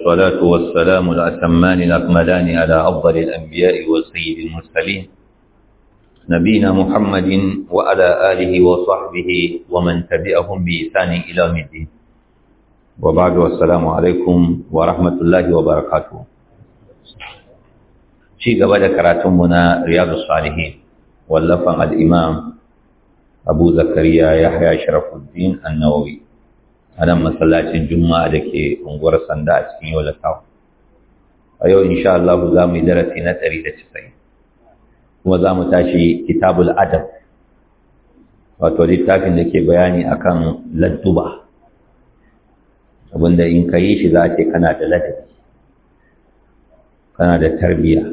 الصلاة والسلام الأتمان الأكملان على أفضل الأنبياء والسيد المرسلين نبينا محمد وعلى آله وصحبه ومن تبعهم بإحسان إلى الدين وبعد والسلام عليكم ورحمة الله وبركاته شيء قبل كراتمنا رياض الصالحين واللفظ الإمام أبو زكريا يحيى شرف الدين النووي a nan masallacin juma'a da ke unguwar sanda a cikin yau kawo a yau insha Allah za mu yi darasi na ɗari da casa'in kuma za mu tashi kitabul adab wato littafin da ke bayani akan ladduba abinda in ka yi shi za ce kana da ladabi kana da tarbiyya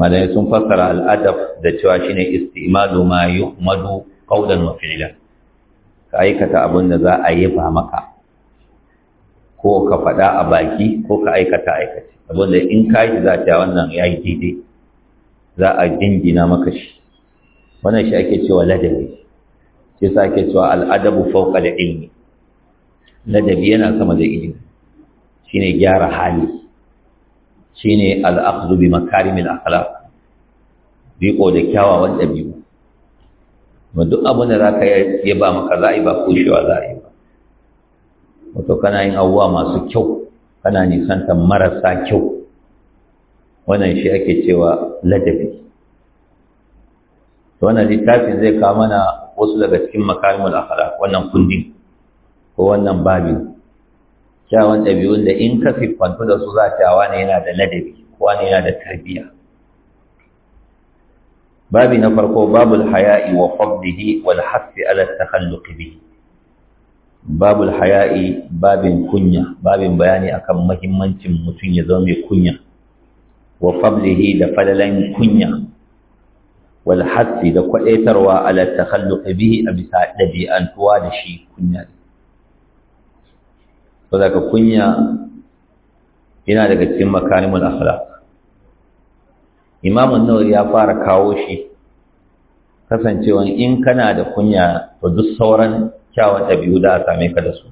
malayi sun fassara al'adab da cewa shine istimalu ma yuhmadu qawlan mafi fi'lan ka aikata abin da za a yi ba maka ko ka faɗa a baki ko ka aikata aikace abin da in ka yi za ta wannan ya yi daidai za a dingina maka shi wannan shi ake cewa ladabi shi sa ake cewa al'adabu fauka da ilmi ladabi yana sama da ilimi shine gyara hali shine al'akhdhu bi makarimil akhlaq Biƙo da kyawawan ɗabi'u ma duk abin da za ka yi ba maka za'i ba kushewa za'i ba wato kana yin abubuwa masu kyau kana nisanta marasa kyau wannan shi ake cewa ladabi wannan littafin zai kawo mana wasu daga cikin makarimul akhlaq wannan kundin ko wannan babin kyawun ɗabi'un da in ka siffantu da su za ta ne yana da ladabi ko yana da tarbiyya babi na farko babul haya'i wa qabdihi wal hasbi ala takhalluq bihi babul haya'i babin kunya babin bayani akan mahimmancin mutum ya zama mai kunya wa qabdihi da fadalan kunya wal hasbi da kwadaitarwa ala takhalluq bihi a bisa dabi'antuwa da shi kunya saboda kunya yana daga cikin makarimul akhlaq imamun nawawi ya fara kawo shi kasancewa in kana da kunya to duk sauran kyawun ɗabi'u da a same ka da su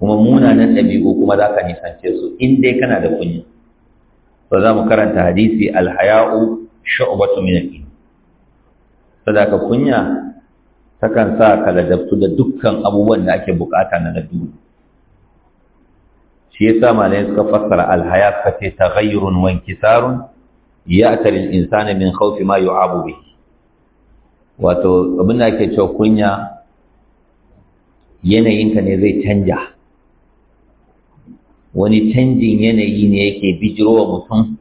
kuma munanan ɗabi'u kuma za ka nisance su in dai kana da kunya to za mu karanta hadisi alhaya'u sha'ubatu min al-iman sadaka kunya takan sa ka ladabtu da dukkan abubuwan da ake bukata na ladabtu shi yasa malai suka fassara alhaya ka ce ta taghayyurun wa inkisarun ya'tari al insani min khawfi ma yu'abu bihi wato abin da ake cewa kunya yanayin ka ne zai canja wani canjin yanayi ne yake bijiro wa mutum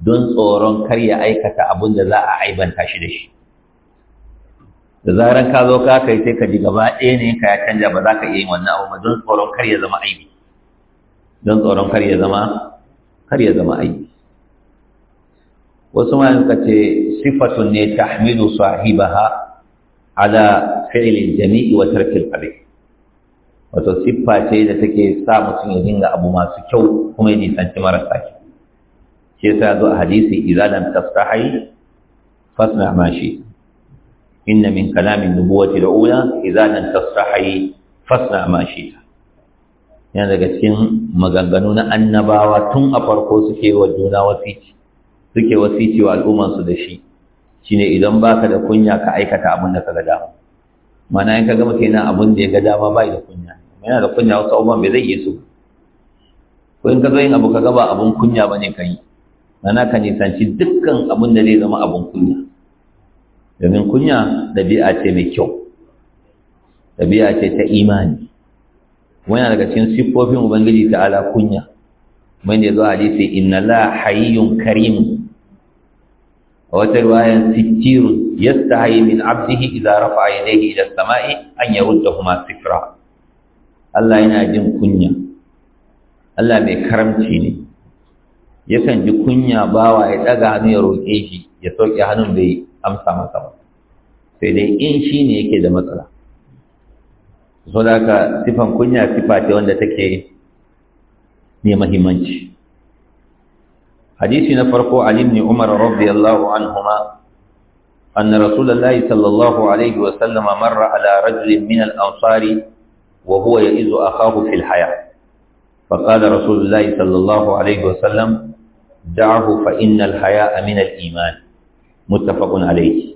don tsoron kar ya aikata abin da za a aibanta shi da shi da zaran ka zo ka kai sai ka ji gaba ɗaya ne ka ya canja ba za ka iya yin wannan abu ba don tsoron kar ya zama aibi wasu ma suka ce sifatun ne ta tahmilu sahibaha ala fi'lil jami'i wa tarkin qabih wato siffa ce da take sa mutum ya dinga abu masu kyau kuma ya nisanci marasa kyau shi yasa zo a hadisi idza lam tastahi fasna ma shi inna min kalamin nubuwati da ula idza lam fasna ma shi yana daga cikin maganganu na annabawa tun a farko suke wa juna wasici suke wasici wa cewa su da shi shine idan baka da kunya ka aikata abin da ka ga dama mana in ka gama kenan abin da ya ga dama bai da kunya yana da kunya wasu abubuwan bai zai iya su ko in ka zo yin abu ka gaba abin kunya ba ne ka yi mana ka nisanci dukkan abin da zai zama abin kunya domin kunya ɗabi'a ce mai kyau ɗabi'a ce ta imani wani daga cikin siffofin ubangiji ta'ala kunya wanda ya zo hadisi inna la hayyun karimun a wata riwayan sittirun yastahi min abdihi idza rafa'a yadayhi ila as-sama'i an kuma sifra Allah yana jin kunya Allah mai karamci ne yakan ji kunya bawa ya ɗaga hannu ya roƙe shi ya sauke hannun bai amsa masa ba sai dai in shi ne yake da matsala so da sifan kunya sifa ce wanda take ne mahimmanci hadisi na farko ali ibn umar radiyallahu anhuma anna rasulullahi sallallahu alaihi wa sallama marra ala rajulin min al-ansari wa huwa ya'izu akahu fil haya فقال رسول الله صلى الله عليه وسلم دعه فإن الحياء من الإيمان متفق عليه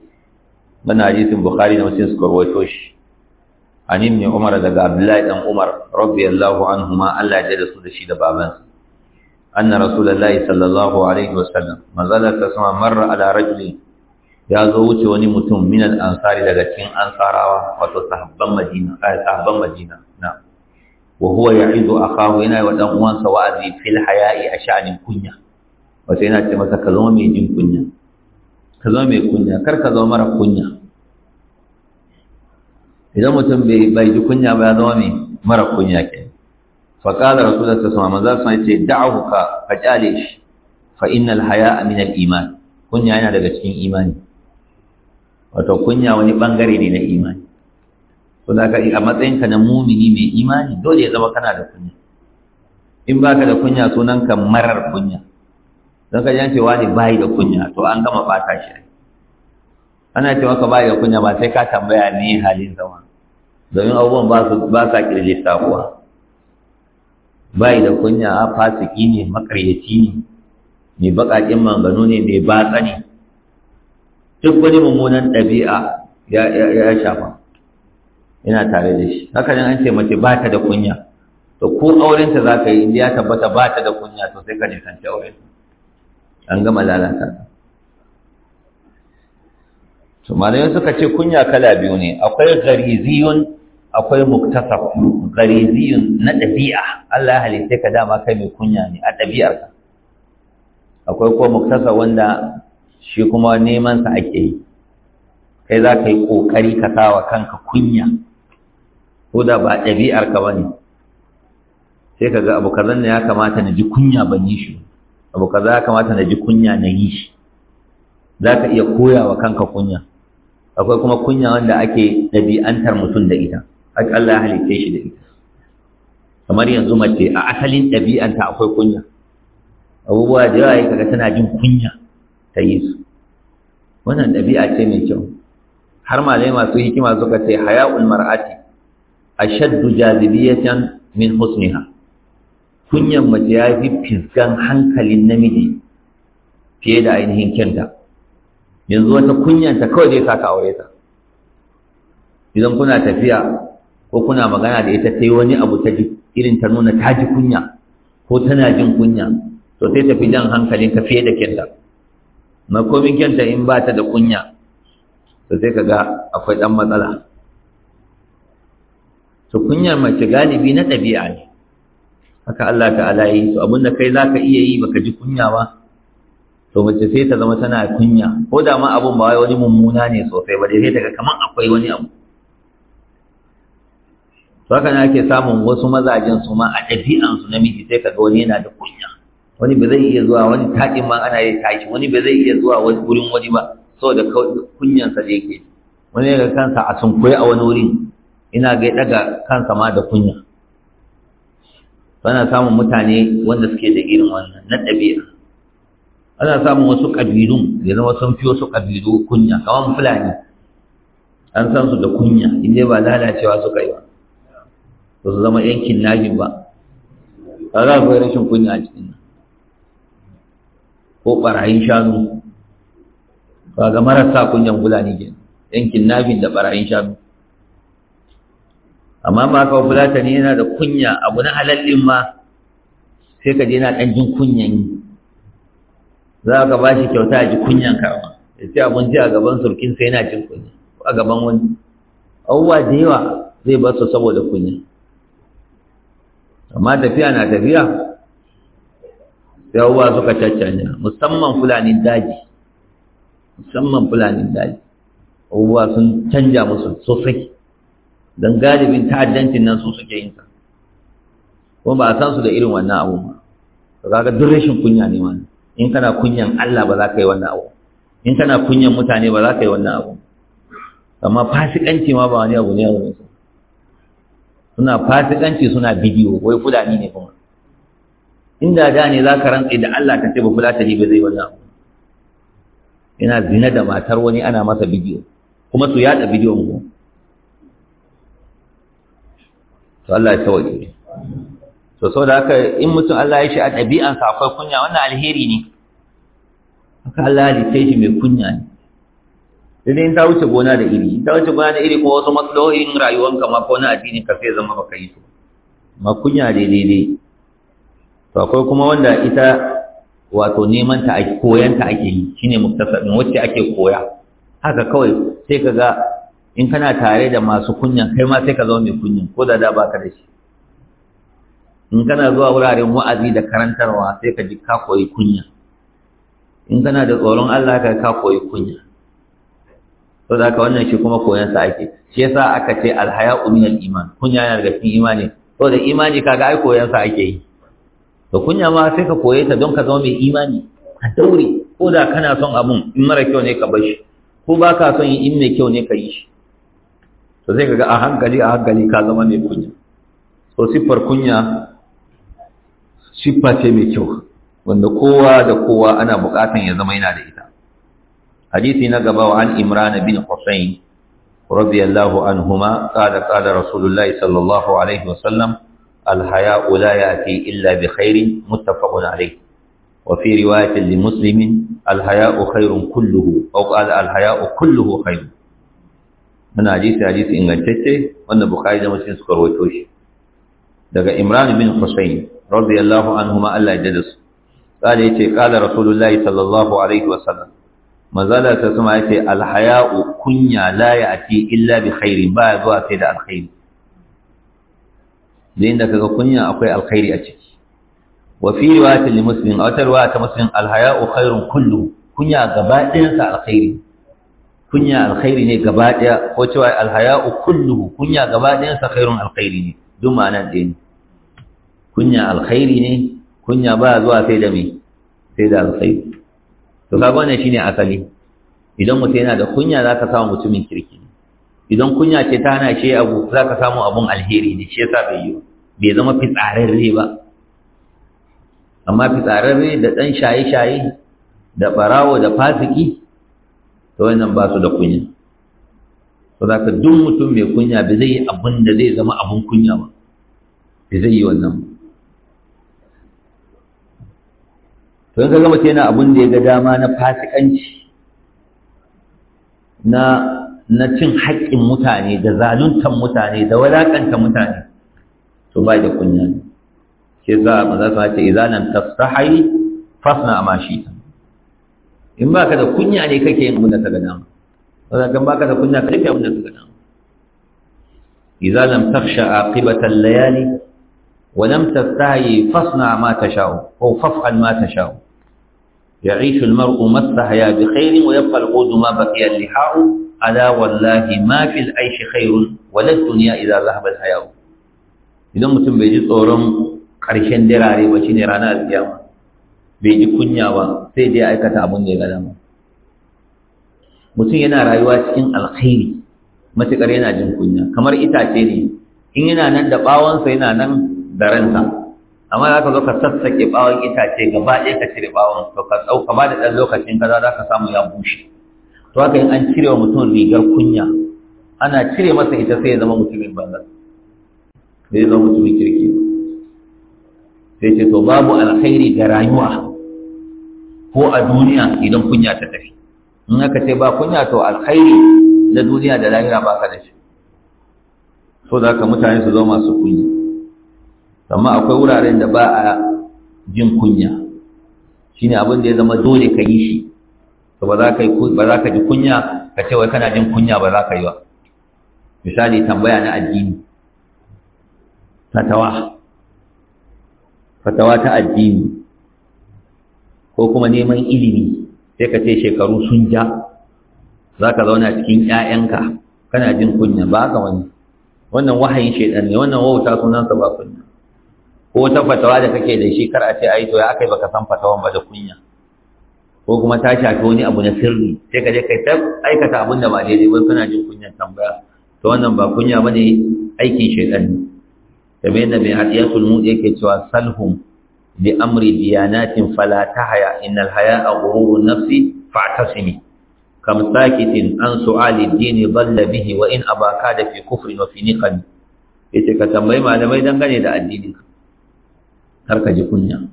من حديث البخاري ومسلم سكرويتوش عن ابن عمر دغ عبد الله بن عمر رضي الله عنهما الله يجزاه الشيء ده بابنس أن رسول الله صلى الله عليه وسلم ما زال تسمع مر على رجل ya zo wuce wani mutum min al-ansari daga cikin ansarawa wato sahabban madina ay sahabban madina na wa huwa ya'idu akahu yana wa dan uwansa wa'azi fil haya'i a sha'anin kunya wato yana ce masa ka zama mai jin kunya ka zama mai kunya kar ka zama mara kunya idan mutum bai bai ji kunya ba ya zama mai mara kunya ke faƙalar rasulun ta sama sun ce da'ahu ka ka shi haya min iman kunya yana daga cikin imani wato kunya wani bangare ne na imani to da ka a matsayinka na mumini mai imani dole ya zama kana da kunya in baka da kunya sunan marar kunya don ka jance wani bayi da kunya to an gama bata shi ana cewa ka bayi da kunya ba sai ka tambaya ne halin zama domin abubuwan ba sa kirje bai da kunya a fasiki ne makaryaci ne mai baƙaƙen manganu ne mai batsa ne duk wani mummunan ɗabi'a ya shafa yana tare da shi haka ne an ce mace ba ta da kunya to ko aurenta za ka yi ya tabbata ba ta da kunya to sai ka kanta auren an gama lalata to malamai suka ce kunya kala biyu ne akwai gariziyun akwai muktasab gariziyun na ɗabi'a Allah ya halitta ka dama kai mai kunya ne a ka. akwai ko muktasab wanda shi kuma neman sa ake yi kai za ka yi ƙoƙari ka wa kanka kunya ko da ba ka ba ne sai ka ga abu kaza ne ya kamata na ji kunya ban yi shi abu kaza ya kamata na ji kunya na yi shi za ka iya koya wa kanka kunya akwai kuma kunya wanda ake ɗabi'antar mutum da ita har Allah ya halitta shi da ita kamar yanzu mace a asalin ɗabi'anta akwai kunya abubuwa da yawa kaga tana jin kunya ta yi su wannan ɗabi'a ce mai kyau har malai masu hikima suka ce haya'ul mar'ati ashaddu jazibiyatan min husniha kunyan mace ya fi fiskan hankalin namiji fiye da ainihin kyanta yanzu wata kunyanta kawai zai sa ka aure ta idan kuna tafiya ko kuna magana da ita ta yi wani abu ta ji irin ta nuna ta ji kunya ko tana jin kunya to sai tafi jan hankalin ka fiye da na makomin kenta in ba ta da kunya to sai ka ga akwai ɗan matsala to kunyar mace galibi na ɗabi'a ne haka Allah ta'ala yi to abin da kai za ka iya yi baka ji kunya ba to mace sai ta zama tana kunya ko da ma abun ba wani mummuna ne sosai ba dai sai ta ga kamar akwai wani abu haka ne ake samun wasu mazajen su ma a ɗabi'an su namiji sai kaga wani yana da kunya wani ba zai iya zuwa wani taɗin ma ana yi tashi wani ba zai iya zuwa wani wurin wani ba saboda kunyansa da yake wani ga kansa a sunkuye a wani wurin, ina ga daga kansa ma da kunya ana samun mutane wanda suke da irin wannan na ɗabi'a ana samun wasu ƙabilun da zama sun fi wasu ƙabilu kunya kamar fulani an san su da kunya in ba lalacewa suka yi ba ba su zama yankin najin ba ba za akwai rashin kunya a cikin nan ko ɓarayin shanu ba ga marasa kunyan fulani ke yankin najin da ɓarayin shanu amma ba ka ne yana da kunya abu na halallin ma sai ka je na ɗan jin kunyan yi za ka ba shi kyauta a ji kunyan karama ya ce abinci a gaban surkin sai yana jin kunya a gaban wani abubuwa da yawa zai ba su saboda kunya amma tafiya na tafiya sai suka caccanja musamman fulanin daji musamman fulanin daji abubuwa sun canja musu sosai don galibin ta'addancin nan su suke yin sa kuma ba a san su da irin wannan abu ba Ka kaga duk rashin kunya ne ma. in kana kunyan Allah ba za ka yi wannan abu in kana kunyan mutane ba za ka yi wannan abu amma fasikanci ma ba wani abu ne a wurin suna fasikanci suna bidiyo wai fulani ne kuma inda da ne za ka rantsa da Allah ka ce ba fulatani ba zai wannan yana zina da matar wani ana masa bidiyo kuma su yada bidiyon ku to Allah ya tawaye to da haka in mutum Allah ya shi a ɗabi'ansa akwai kunya wannan alheri ne haka Allah ya halitta shi mai kunya ne sai dai in ta wuce gona da iri in ta wuce gona da iri ko wasu maslahohin rayuwanka ma ko na addini ka sai zama baka yi su ma kunya daidai dai, to akwai kuma wanda ita wato neman ta ake koyan ta ake yi shine muktasabin wacce ake koya haka kawai sai ka ga in kana tare da masu kunya kai ma sai ka zama mai kunya ko da da baka da shi in kana zuwa wuraren wa'azi da karantarwa sai ka ji ka koyi kunya in kana da tsoron Allah ka ka koyi kunya to da haka wannan shi kuma koyan sa ake shi yasa aka ce alhaya'u min al-iman kunya yana daga cikin imani to da imani kaga ai koyan sa ake yi to kunya ma sai ka koye ta don ka zama mai imani ka daure ko da kana son abun in mara kyau ne ka bar shi ko ba ka son in mai kyau ne ka yi shi to sai kaga a hankali a hankali ka zama mai kunya to siffar kunya siffa ce mai kyau wanda kowa da kowa ana bukatan ya zama yana da ita hadisi na gaba wa an imran bin husayn radiyallahu anhuma qala qala rasulullahi sallallahu alaihi wasallam الحياء لا يأتي إلا بخير متفق عليه وفي رواية لمسلم الحياء خير كله أو قال الحياء كله خير من حديث حديث ingantacce wanda bukhari da muslim suka rawaito shi daga imran bin husayn radiyallahu anhuma Allah ya قال yace قال رسول الله صلى الله عليه وسلم manzala ta sama ya ce alhaya'u kunya la ya ati illa bi khairi ba ya zuwa sai da alkhairi da inda kaga kunya akwai alkhairi a ciki wa fi riwayatin li muslim a wata riwaya ta muslim alhaya'u khairun kullu kunya gaba ɗayansa alkhairi kunya alkhairi ne gaba ɗaya ko cewa alhaya'u kulluhu kunya gaba ɗayansa khairun alkhairi ne duk ma'anar ɗaya ne kunya alkhairi ne kunya ba zuwa sai da me sai da alkhairi to kaga wannan shine asali idan mutum yana da kunya za ka samu mutumin kirki idan kunya ce ta hana shi abu za ka samu abun alheri ne shi yasa bai yi bai zama fitsararre ba amma fitsararre da ɗan shaye-shaye da ɓarawo da fasiki to wannan ba su da kunya to za ka duk mutum mai kunya bai zai yi abun da zai zama abun kunya ba bai zai yi wannan ba don ka gama yana abin da ya ga dama na fasikanci na na cin haƙƙin mutane da zaluntan mutane da wadaƙanta mutane to ba da kunya ne. ke za a maza su ce izanan tafsahai fasna a mashi in ba ka da kunya ne kake yin abin da ka ga dama wadatun ba ka da kunya ka rufe abin da ka ga dama izanan tafsha ƙibatan layali ولم تستعي فاصنع ما تشاء او فافعل ما تشاء يعيش المرء ما استحيا بخير ويبقى القود ما بقي اللحاء ألا والله ما في العيش خير ولا الدنيا إذا ذهب الحياء Idan mutum bai ji tsoron ƙarshen dirare ba shine ranar alƙiyama bai ji kunya ba sai dai aikata abin da ya ga dama mutum yana rayuwa cikin alkhairi matuƙar yana jin kunya kamar itace ne in yana nan da ɓawonsa yana nan da ransa amma za ka zo ka sassaƙe ɓawon itace gaba ɗaya ka cire ɓawon to ka ɗauka ba da ɗan lokacin kaza za ka samu ya bushe to haka in an cire wa mutum rigar kunya ana cire masa ita sai ya zama mutumin banza sai ya zama mutumin kirki sai ce to babu alkhairi ga rayuwa ko a duniya idan kunya ta tafi in aka ce ba kunya to alkhairi na duniya da lahira ba ka da shi so da ka mutane su zo masu kunya amma akwai wuraren da ba a jin kunya ne abin da ya zama dole ka yi shi ba za ka ba za ka ji kunya ka ce wai kana jin kunya ba za ka yi ba misali tambaya na addini fatawa fatawa ta addini ko kuma neman ilimi sai ka ce shekaru sun ja za ka zauna cikin 'ya'yanka kana jin kunya ba ka wani wannan wahayin shaidan ne wannan wauta sunansa ba kunya ko ta fatawa da kake da shi kar a ce ai to ya akai baka san fatawan ba da kunya ko kuma ta shafi wani abu na sirri sai ka je kai ta aikata abin da ba daidai ba kana jin kunyar tambaya to wannan ba kunya ne aikin shaytan ne kamar yadda mai hadiyatul mud yake cewa salhum bi amri diyanatin fala haya, innal haya'a ghururun nafsi fa'tasimi kam sakitin an su'ali dini dhalla bihi wa in abaka da fi kufrin wa fi niqan ka tambayi malamai dangane da addinin ka har ka ji kunya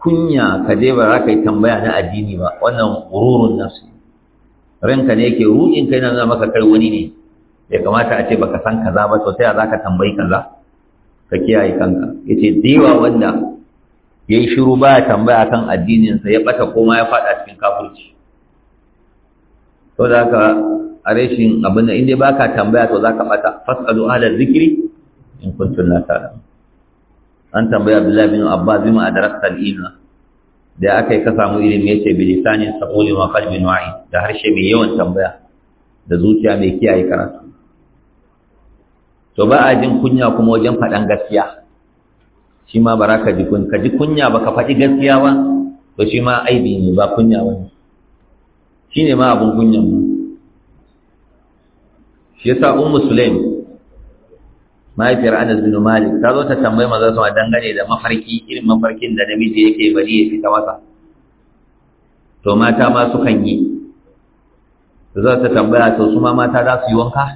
kunya ka je ba za ka yi tambaya na addini ba wannan gururun nafsi ranka ne yake ruɗin kai na nuna maka kai wani ne ya kamata a ce baka san kaza ba to ta za ka tambayi kaza ka kiyaye kanka Ya ce diwa wanda ya yi shiru ba tambaya kan addininsa ya ɓata koma ya faɗa cikin kafirci saboda da haka a reshin abin da inda baka tambaya to za ka ɓata fasalu ala zikiri, in kuntun na tare. an tambaya Abdullahi bin Abbas bima adrasta al-ilma da aka yi ka samu ilimi yace bi lisanin saquli wa qalbin wa'i da harshe mai yawan tambaya da zuciya mai kiyaye karatu to ba a jin kunya kuma wajen faɗan gaskiya shi ma baraka ka ji kunya ka ji kunya ba ka faɗi gaskiya ba to shi ma aibi ne ba kunya ba ne shi ne ma abin kunyan mu shi yasa ummu sulaim mahaifiyar Anas bin Malik ta zo ta tambayi maza su dangane da mafarki irin mafarkin da namiji yake bari ya fita masa to mata ma sukan yi za ta tambaya to su ma mata za su yi wanka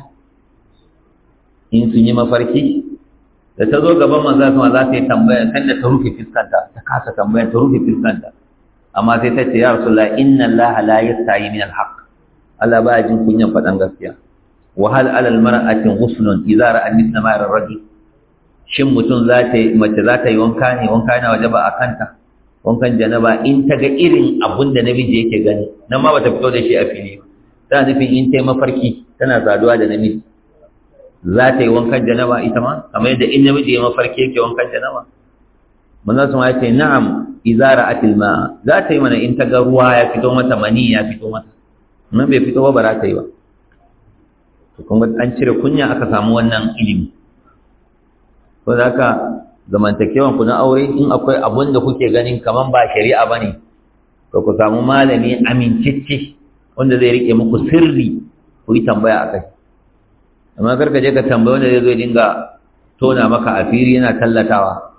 in sun yi mafarki da ta zo gaban manzo sama za ta yi tambaya kan da ta rufe fiskanta ta kasa tambaya ta rufe fiskanta amma sai ta ce ya rasulullah inna allaha la yastahi min alhaq Allah ba jin kunyan faɗan gaskiya wahal alal mar'atin ghuslun idza ra'a mithla ma ra'a rajul shin mutum za ta mace za ta yi wanka ne wanka waje wajaba a kanta wankan janaba in ta ga irin abun da namiji yake gani nan ma bata fito da shi a fili ta nufin in ta yi mafarki tana saduwa da namiji za ta yi wankan janaba ita ma kamar yadda in namiji ya mafarki yake wankan janaba mun sama ya ce na'am idza ra'atil ma'a za ta yi mana in ta ga ruwa ya fito mata mani ya fito mata nan bai fito ba ba za ta yi ba kuma an cire kunya aka samu wannan ilimi ko da haka zamantakewan ku na aure in akwai abun da kuke ganin kaman ba shari'a bane to ku samu malami amincicci wanda zai rike muku sirri ku yi tambaya kai. amma kar ka je ka tambaya wanda zai zo dinga tona maka asiri yana tallatawa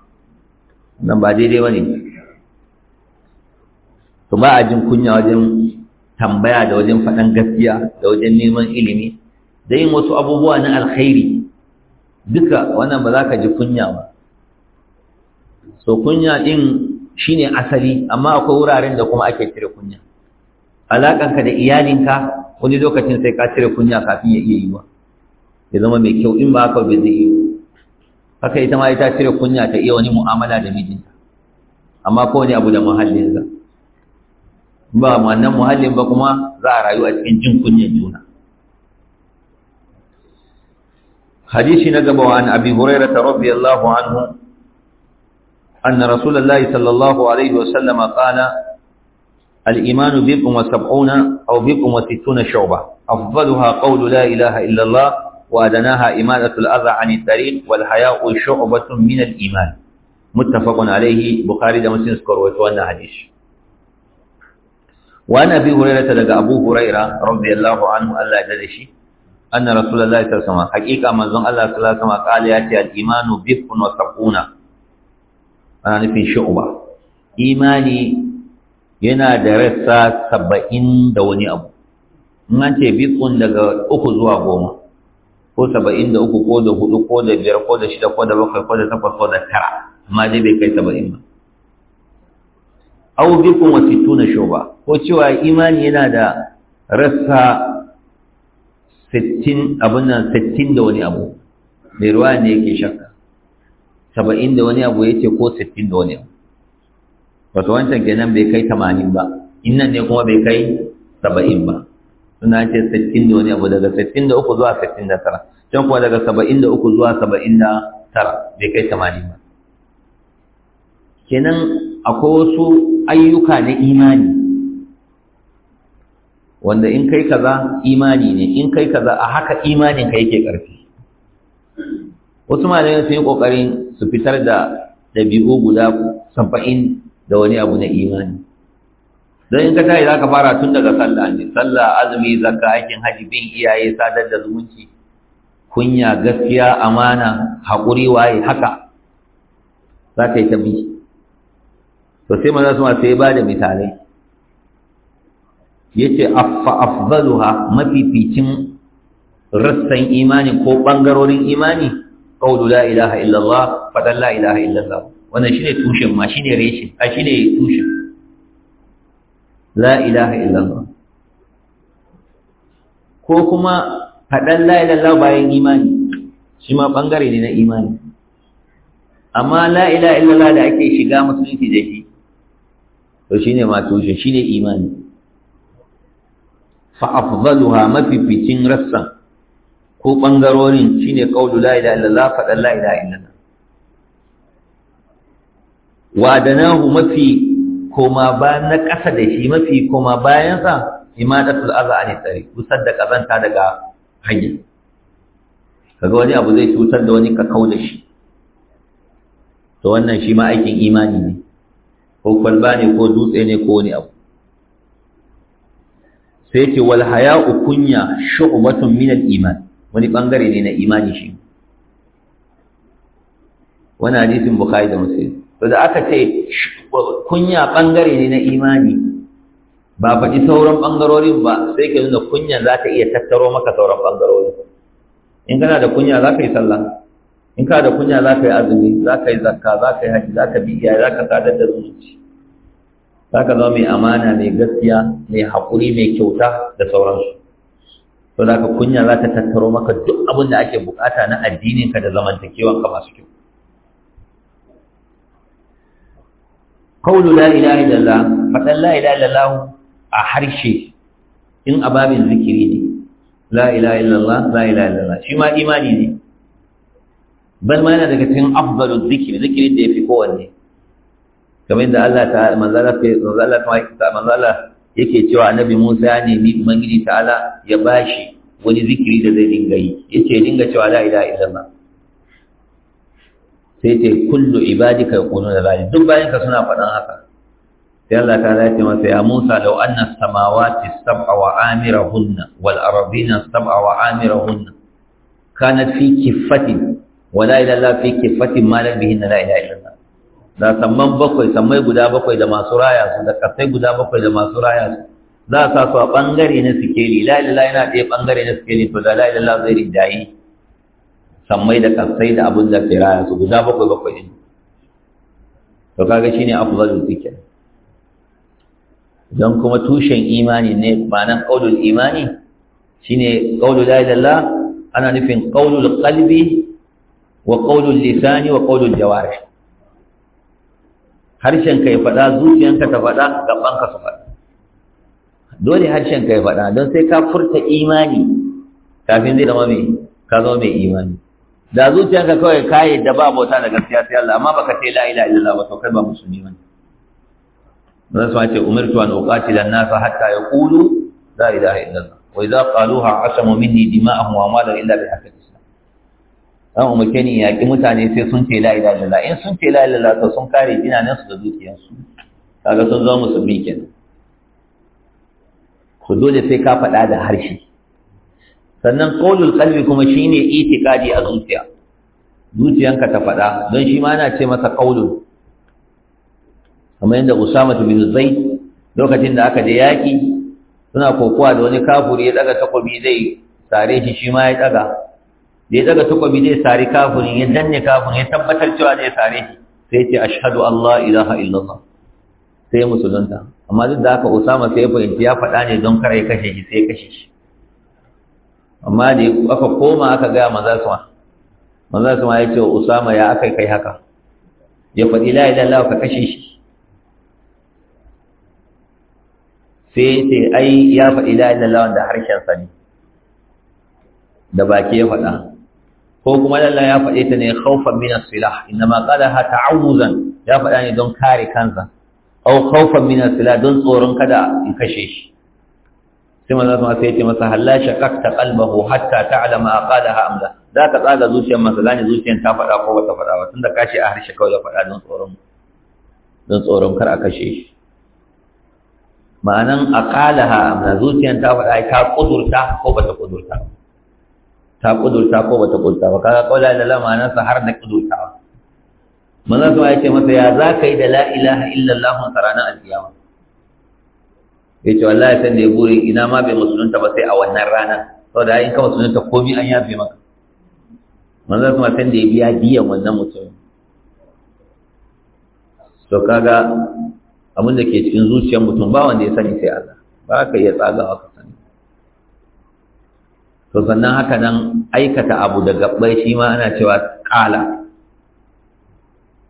nan ba daidai bane to ba a jin kunya wajen tambaya da wajen faɗan gaskiya da wajen neman ilimi da yin wasu abubuwa na alkhairi duka wannan ba za ka ji kunya ba so kunya din shine asali amma akwai wuraren da kuma ake cire kunya alaƙanka da iyalinka wani lokacin sai ka cire kunya kafin ya iya yiwa ya zama mai kyau in ba haka bai zai yi haka ita ma ita cire kunya ta iya wani mu'amala da mijinta amma ko kowane abu da muhallinsa ba wannan muhallin ba kuma za a rayu a cikin jin kunyan juna hadisi na gaba wa an abi hurairah radiyallahu anhu أن رسول الله صلى الله عليه وسلم قال الإيمان بضع وسبعون أو بضع وستون شعبة أفضلها قول لا إله إلا الله وأدناها إمالة الأذى عن الطريق والحياء شعبة من الإيمان متفق عليه بخاري ده مسلم سكروت وانا حديث وأنا أبي هريرة لقى أبو هريرة رضي الله عنه ألا يدلشي anna rasulullahi sallallahu alaihi wasallam haqiqa manzon Allah sallallahu alaihi wasallam qala ya ce al-imanu bihun wa sabuna ana nufin shu'ba imani yana da rassa saba'in da wani abu in an ce bihun daga uku zuwa goma ko saba'in da uku ko da hudu ko da biyar ko da shida ko da bakwai ko da takwas ko da tara amma dai bai kai saba'in ba aw bihun wa sittuna shu'ba ko cewa imani yana da rassa sittin abin nan sittin da wani abu mai ruwa ne yake shakka saba'in da wani abu ya ce ko sittin da wani abu wato wancan kenan bai kai tamanin ba inan ne kuma bai kai saba'in ba suna ce sittin da wani abu daga sittin da uku zuwa sittin da tara can kuma daga saba'in da uku zuwa saba'in da tara bai kai tamanin ba kenan akwai wasu ayyuka na imani wanda in kai kaza imani ne in kai kaza a haka imanin ka yake ƙarfi wasu malamai sun yi ƙoƙarin su fitar da ɗabi'u guda saba'in da wani abu na imani don in ka tashi za ka fara tun daga sallah ne sallah azumi zakka aikin haji bin iyaye sadar da zumunci kunya gaskiya amana haƙuri waye haka za ka yi ta bi to sai maza su ma sai ba da misalai yace affa afdaluha mafificin rassan imani ko bangarorin imani qawlu la ilaha illallah faɗan la ilaha illallah wannan ne tushen ma shi shine reshin a ne tushen la ilaha illallah ko kuma faɗan la ilaha bayan imani shi ma bangare ne na imani amma la ilaha illallah da ake shiga musulunci da shi to shi ne ma tushen shi ne imani fa afdaluha mafificin rassan ko bangarorin shine qaulu la ilaha illallah fa la ilaha illallah wa nahu mafi koma ba na kasa da shi mafi koma bayan sa imadatul adha an tari kusan da ƙazanta daga hanya kaga wani abu zai cutar da wani ka da shi to wannan shi ma aikin imani ne ko kwalba ne ko dutse ne ko wani abu sai yake wal haya'u kunya shu'batun min al iman wani bangare ne na imani shi wani hadisin bukhari da muslim to da aka ce kunya bangare ne na imani ba faɗi sauran bangarorin ba sai ka nuna kunya za ta iya tattaro maka sauran bangarorin in kana da kunya za ka yi sallah in kana da kunya za ka yi azumi za ka yi zakka za ka yi haji za ka bi iyaye za ka sadar da zumunci za ka zama mai amana mai gaskiya mai haƙuri mai kyauta da sauransu to da ka kunya za ta tattaro maka duk abin da ake bukata na addininka da zamantakewanka masu kyau Kaulu la ilaha illallah faɗan la ilaha illallah a harshe in ababin zikiri ne la ilaha illallah la ilaha illallah shi ma imani ne bal ma yana daga cikin afdalu zikiri zikirin da yafi kowanne kamar da Allah ta manzala manzala ta manzala yake cewa annabi Musa ya nemi ubangiji ta'ala ya bashi wani zikiri da zai dinga yi yace dinga cewa la ilaha illallah sai ce kullu ibadika yaquluna zalik duk bayan ka suna faɗan haka sai Allah ta ce masa ya Musa law anna samawati sab'a wa amirahunna wal ardina sab'a wa amirahunna kanat fi kiffatin wa la ilaha illa fi kiffatin ma la bihi la ilaha illa da samman bakwai sammai guda bakwai da masu raya su da kasai guda bakwai da masu raya su za a sa su a ɓangare na sikeli la yana ɗaya ɓangare na sikeli to da la zai rinjayi sammai da kasai da abin da ke raya su guda bakwai bakwai ɗin to kaga shine afdalul zikr don kuma tushen imani ne ma'anan qaulul imani shine qaulul la ilaha ana nufin qaulul qalbi wa qaulul lisani wa qaulul jawarih harshenka ya faɗa zuciyanka ta faɗa gabanka su faɗa dole harshenka ya faɗa don sai ka furta imani kafin zai zama mai ka zama mai imani da zuciyanka kawai ka yadda ba bauta da gaskiya sai Allah amma baka ce la ilaha illallah ba to kai ba musulmi ba dan sai ce umirtu an uqatila an-nas hatta yaqulu la ilaha illallah wa idza qaluha asamu minni dima'ahum wa amwaluhum illa bi haqqi an umarce ni yaƙi mutane sai sun ce la ilaha illallah in sun ce la ilaha illallah to sun kare dinanan su da dukiyarsu kaga sun zama musulmi kenan dole sai ka faɗa da harshe sannan qaulul qalbi kuma shine itikadi a zuciya zuciyanka ta faɗa don shi ma ana ce masa qaulul kamar yadda Usama bin Zaid lokacin da aka je yaƙi suna kokowa da wani kafuri ya daga takobi zai tare shi shi ma ya daga da ya daga takobi zai sari kafin ya danne kafin ya tabbatar cewa zai sare shi sai ce ashhadu Allah ilaha illallah sai ya musulunta amma duk da haka Usama sai ya fahimci ya faɗa ne don kare kashe shi sai ya kashe shi amma da aka koma aka gaya maza su ma maza su ma ya ce Usama ya aka kai haka ya faɗi la ilaha illallah ka kashe shi sai ce ai ya faɗi la ilaha illallah wanda harshen Sani. da baki ya faɗa ko kuma lalla ya faɗe ta ne khawfan min as-silah inma ha ta'awuzan ya faɗa ne don kare kansa aw khawfan min as-silah don tsoron kada in kashe shi sai manzo sama sai ce masa halla shaqaqta qalbahu hatta ta'lama aqalaha ha amla za ka tsaga zuciyar masa zani zuciyar ta faɗa ko bata faɗa ba tunda kashi a harshe kawai ya faɗa don tsoron don tsoron kar a kashe shi ma'anan aqalaha am la zuciyar ta faɗa ta kudurta ko bata kudurta ba ta kudurta ko bata kudurta ba kaga qaula la ilaha ma'anar sa har da kudurtawa manzon sa ya ce masa ya za ka yi da la ilaha allah ta ranar alkiyama ya ce wallahi san da ya buri ina ma bai musulunta ba sai a wannan ranar saboda in ka musulunta bi an yafe maka manzon kuma san da ya biya diyan wannan mutum to kaga abin da ke cikin zuciyar mutum ba wanda ya sani sai Allah ba ka iya tsagawa ka sani to sannan haka nan aikata abu da gabbai shi ma ana cewa kala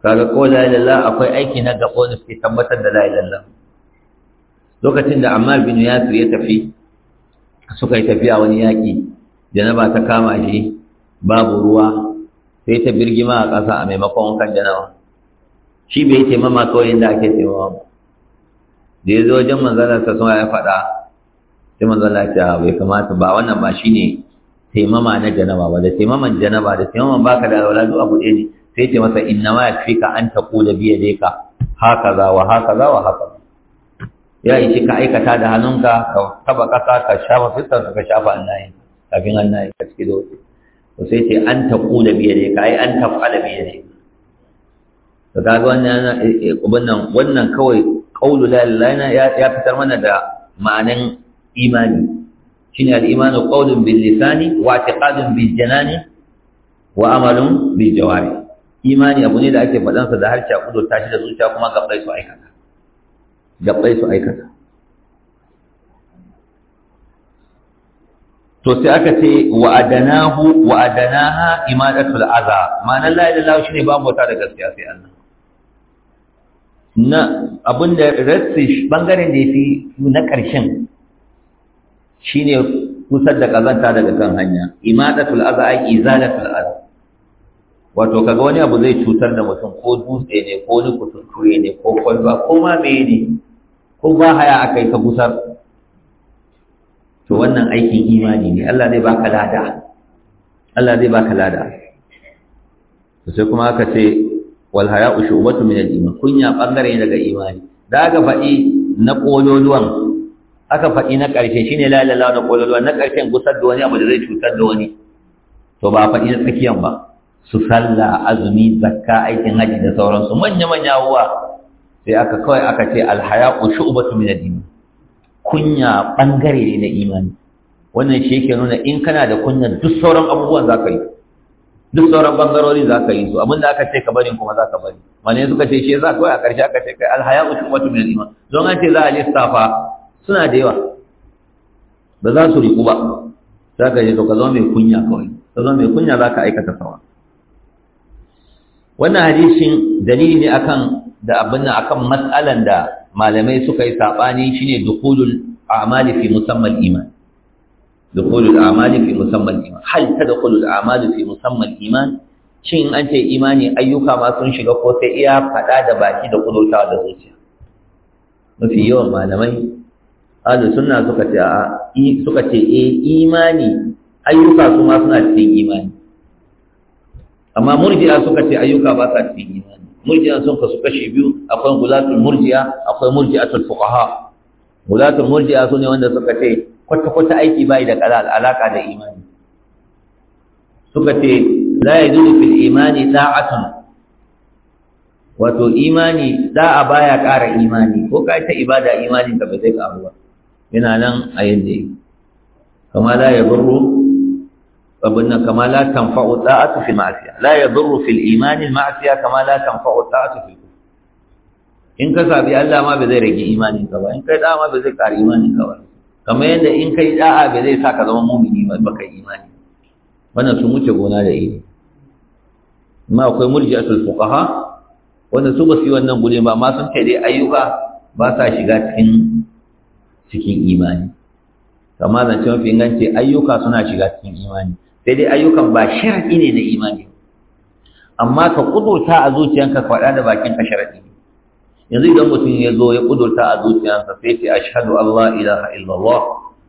kaga ko la ilaha akwai aiki na gabo ne suke tabbatar da la ilaha lokacin da amma bin Yasir ya tafi suka yi tafiya wani yaki janaba ta kama shi babu ruwa sai ta birgima a ƙasa a maimakon kan janawa shi bai yi taimama kawai inda ake taimama ba da ya zo wajen manzana sa sun ya faɗa sai manzo Allah ya ah, bai kamata ba wannan ba shine taimama na janaba ba da taimaman janaba da taimaman baka da wala zuwa bude ne sai ce masa inna ma yakfika an taqula bi Haka hakaza wa hakaza wa haka. ya yi ka aikata da hannunka ka taba kasa ka shafa fitar ka shafa annayi kafin annayi ka ciki da to sai ce an taqula bi yadayka ai an tafala bi yadayka to kaga wannan wannan eh, eh, wannan kawai qaulu la ilaha illa ya fitar mana da ma'anin imani shine al-imanu qawlun bil lisani wa i'tiqadun bil janani wa amalun bil jawari imani abu ne da ake fadan sa da harshe a kudurta shi da zuciya kuma gabbai su aikata gabbai su aikata to sai aka ce wa adanahu wa adanaha imadatul adha ma'anar la ilaha shine ba mota da gaskiya sai Allah na abinda rassi bangaren da yafi na karshen shine kusar da kazanta daga kan hanya imadatul adha ay izalatul adha wato kaga wani abu zai cutar da mutum ko dutse ne ko wani kutukure ne ko kwalba ko ma meye ne ko ba haya a kai ka gusar to wannan aikin imani ne Allah zai baka lada Allah zai baka lada to sai kuma aka ce wal haya'u shu'batun min al-iman kunya bangare daga imani da ga faɗi na kololuwan aka faɗi na ƙarshe shi ne ilaha na ƙwalwalwa na ƙarshen gusar da wani abu da zai cutar da wani to ba a faɗi na tsakiyan ba su sallah azumi zakka aikin haji da sauransu manya manya uwa sai aka kawai aka ce alhaya'u shu'batu min ad-din kunya bangare ne na imani wannan shi yake nuna in kana da kunya duk sauran abubuwan zaka yi duk sauran bangarori za ka yi su abin da aka ce ka bari kuma za ka bari wani suka ce shi za kawai a ƙarshe aka ce kai alhaya uku wata na iman don an ce za a lissafa suna da yawa ba za su riƙu ba za ka yi to ka zama mai kunya kawai ka zama mai kunya za ka aikata sawa wannan hadisin dalili ne akan da abin akan matsalan da malamai suka yi saɓani shine dukulul a'mali fi musamman iman dukulul a'mali fi musamman iman hal ta dukulul a'mali fi musamman iman shin an ce imani ayyuka ma sun shiga ko sai iya faɗa da baki da kudurtawa da zuciya mafi yawan malamai ahlu sunna suka ce a suka ce e imani ayyuka su ma suna cikin imani amma murji'a suka ce ayyuka ba sa cikin imani murji'a sun kasu kashe biyu akwai gulatul murji'a akwai murji'atul fuqaha gulatul murji'a su ne wanda suka ce kwata-kwata aiki bai da alaka da imani suka ce la yajidu fil imani da'atan wato imani da'a baya ƙara imani ko ka ta ibada imani ka ba zai ƙaru ba yana nan a yadda yake kama la zurru abin nan kama la tanfa'u ta'atu fi ma'asiya la zurru fil iman al ma'asiya kama la tanfa'u ta'atu fil in ka sabi Allah ma bai zai rage imanin ka ba in kai da'a ma bai zai kare imanin ka ba kamar yadda in kai da'a bai zai sa ka zama mumini ba baka imani wannan sun wuce gona da iri amma akwai murji'atul fuqaha wanda su ba su yi wannan gudun ba ma sun kai dai ayyuka ba sa shiga cikin cikin imani kamar amma zance mafi inganci ayyuka suna shiga cikin imani sai dai ayyukan ba sharadi ne na imani amma ka kudurta a zuciyanka ka faɗa da bakin ka sharadi yanzu idan mutum ya zo ya kudurta a zuciyansa sai ce ashhadu an la ilaha illallah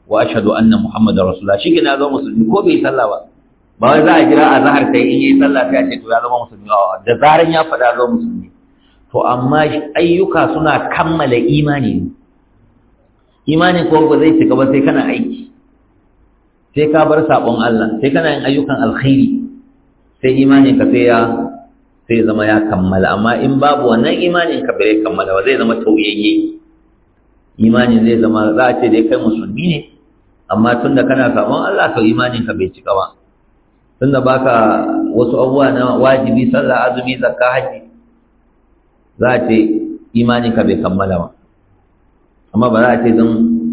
wa ashhadu anna muhammadar rasulullah shi na zama musulmi ko bai sallah ba ba wai za a jira a zahar ta in yi sallah ta ce to ya zama musulmi a da zarar ya faɗa zama musulmi to amma ayyuka suna kammala imani ne imanin kuwa ba zai cika ba sai kana aiki sai ka bar sabon Allah sai kana yin ayyukan alkhairi sai imanin ka sai ya sai zama ya kammala amma in babu wannan imanin ka bai kammala ba zai zama tauyayye imanin zai zama za a ce dai kai musulmi ne amma tunda kana sabon Allah to imanin ka bai cika ba tunda baka wasu abubuwa na wajibi sallah azumi zakka haji za a ce imanin ka bai kammala ba amma ba za a ce don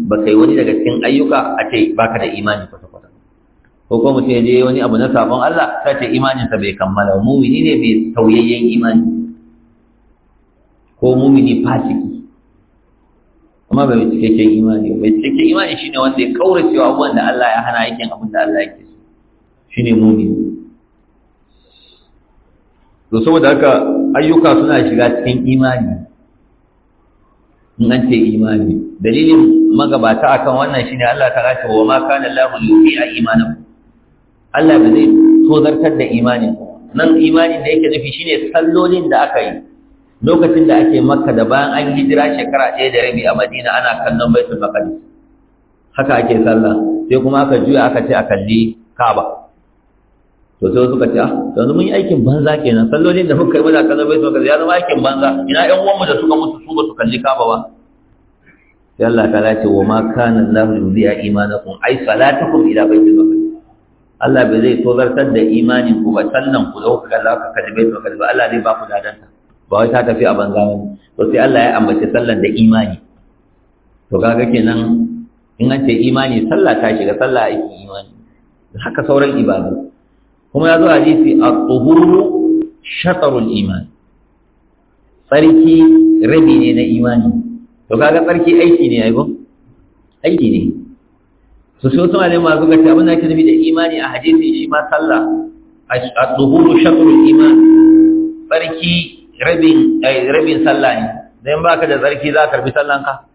ba kai wani daga cikin ayyuka a ce ba ka da imani kwata kwata ko kuma mutum ya je wani abu na sabon Allah ta ce imaninsa bai kammala mumini ne mai sauyayyen imani ko mumini fasiki amma bai mai cikakken imani bai cikakken imani shine wanda ya kaura cewa abubuwan da Allah ya hana yakin abin da Allah yake so shine mumini to saboda haka ayyuka suna shiga cikin imani in an ce imani dalilin magabata akan wannan shine Allah ta race wa ma kana yi a imanin Allah ba zai tozartar da imanin nan imanin da yake nufi shine sallolin da aka yi lokacin da ake makka da bayan an hijira shekara ɗaya da rabi a madina ana kallon baitul maqdis haka ake sallah sai kuma aka juya aka ce a kalli kaba. to sai suka ce ah yanzu mun yi aikin banza kenan sallolin da muka yi muna kaza bai suka ya zama aikin banza ina ƴan uwanmu da suka mutu su ba su kalli kaba ba sai Allah ta ce wa ma kana Allah yuzi'a imanakum ai salatukum ila baiti maqdis Allah bai zai tozartar da imanin ku ba sannan ku da kuka kalla ka kalli baitil maqdis ba Allah zai ba ku dadanta ba wai ta tafi a banza ba to sai Allah ya ambaci sallan da imani to kaga kenan in an ce imani sallah ta shiga sallah ake imani haka sauran ibadu kuma ya zo a hadisi a tsohuru shatarul iman tsarki rabi ne na imani to kaga tsarki aiki ne aiko aiki ne to sai wasu malama masu ce abin da ake nufi da imani a hadisi shi ma sallah a tsohuru shatarul iman tsarki rabin eh, rabin sallah ne dan baka da tsarki za ka karbi sallanka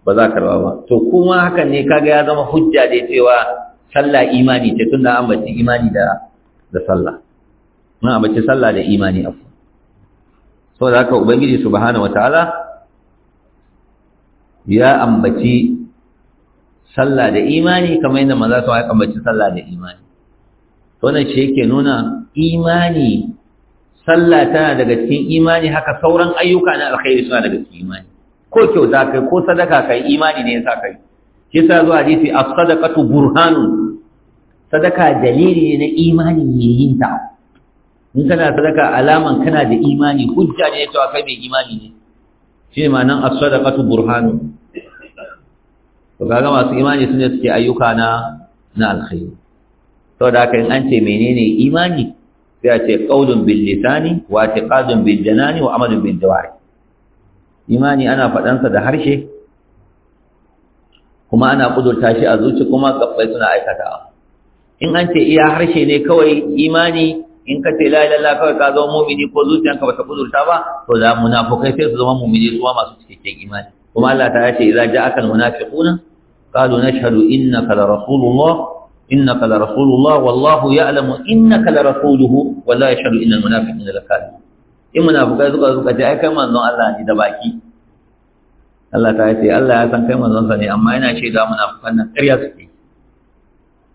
ba za ka karba ba to kuma hakan ne kaga ya zama hujja da cewa sallah imani ce tunda an bace imani da da sallah na ambaci sallah da imani afu da haka ubangiji subhanahu wataala ya ambaci sallah da imani kamar yadda maza su haika ambaci sallah da imani wannan shi yake nuna imani sallah tana daga cikin imani haka sauran ayyuka na alkhairi suna daga cikin imani ko kyauta kai ko sadaka kai imani ne yasa kai yi. Kisa zuwa hadisi as-sadaqatu burhanun sadaka dalili ne na imanin mai yin ta in kana sadaka alaman kana da imani hujja ne cewa kai mai imani ne shi ne ma'anan as-sadaqatu burhanu to kaga masu imani sune suke ayyuka na na alkhairi saboda haka in an ce menene imani sai a ce qaulun bil lisani wa i'tiqadun bil janani wa amalun bil jawari imani ana faɗansa da harshe kuma ana kudurta shi a zuci kuma gabbai suna aikata. in an ce iya harshe ne kawai imani in ka ce la ilaha kawai ka zama mu'mini ko zuciyanka bata kudurta ba to da munafikai sai su zama mu'mini su masu cikakken imani kuma Allah ta ce idza ja'aka almunafiquna qalu nashhadu innaka la rasulullah innaka la rasulullah wallahu ya'lamu innaka la rasuluhu wa la yashhadu innal munafiqina lakadibun in munafikai suka suka ce ai kai manzon Allah ne da baki Allah ta ce Allah ya san kai manzon sa ne amma yana da munafukan nan ƙarya suke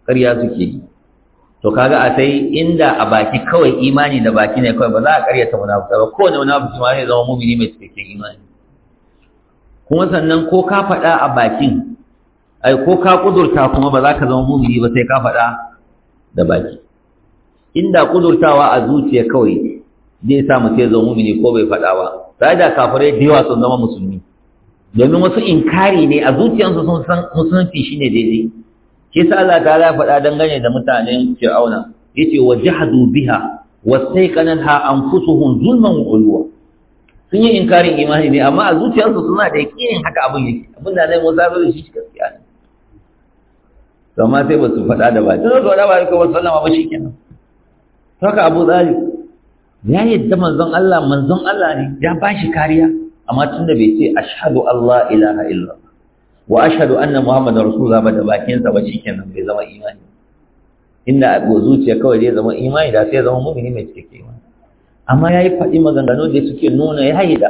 ƙarya suke yi to kaga a sai inda a baki kawai imani da baki ne kawai ba za a ƙaryata munafuka ba kowane munafiki ma zai zama mumini mai cikakken imani kuma sannan ko ka faɗa a bakin ai ko ka kudurta kuma ba za ka zama mumini ba sai ka faɗa da baki inda kudurtawa a zuciya kawai zai sa mutum ya zama mumini ko bai faɗa ba sai da kafirai da yawa sun zama musulmi domin wasu inkari ne a zuciyarsu sun san musulunci shine daidai Kisa Allah ta ya faɗa dangane da mutanen Fir'auna yace jahadu biha wastayqanatha anfusuhum zulman wa ulwa sun yi inkarin imani ne amma a zuciyarsu suna da yakin haka abin yake abin da Annabi Musa bai shi gaskiya ne to amma sai basu faɗa da ba sai su faɗa ba ko sallama ba shikenan to haka Abu Talib ya yadda manzon Allah manzon Allah ne ya bashi kariya amma tunda bai ce ashhadu Allah ilaha illallah wa ashhadu anna muhammadar rasulullah ba da bakin sa ba shikenan bai zama imani inda abu zuciya kawai zai zama imani da sai zama mu'mini mai cikakke imani amma yi faɗi maganganu da suke nuna ya haida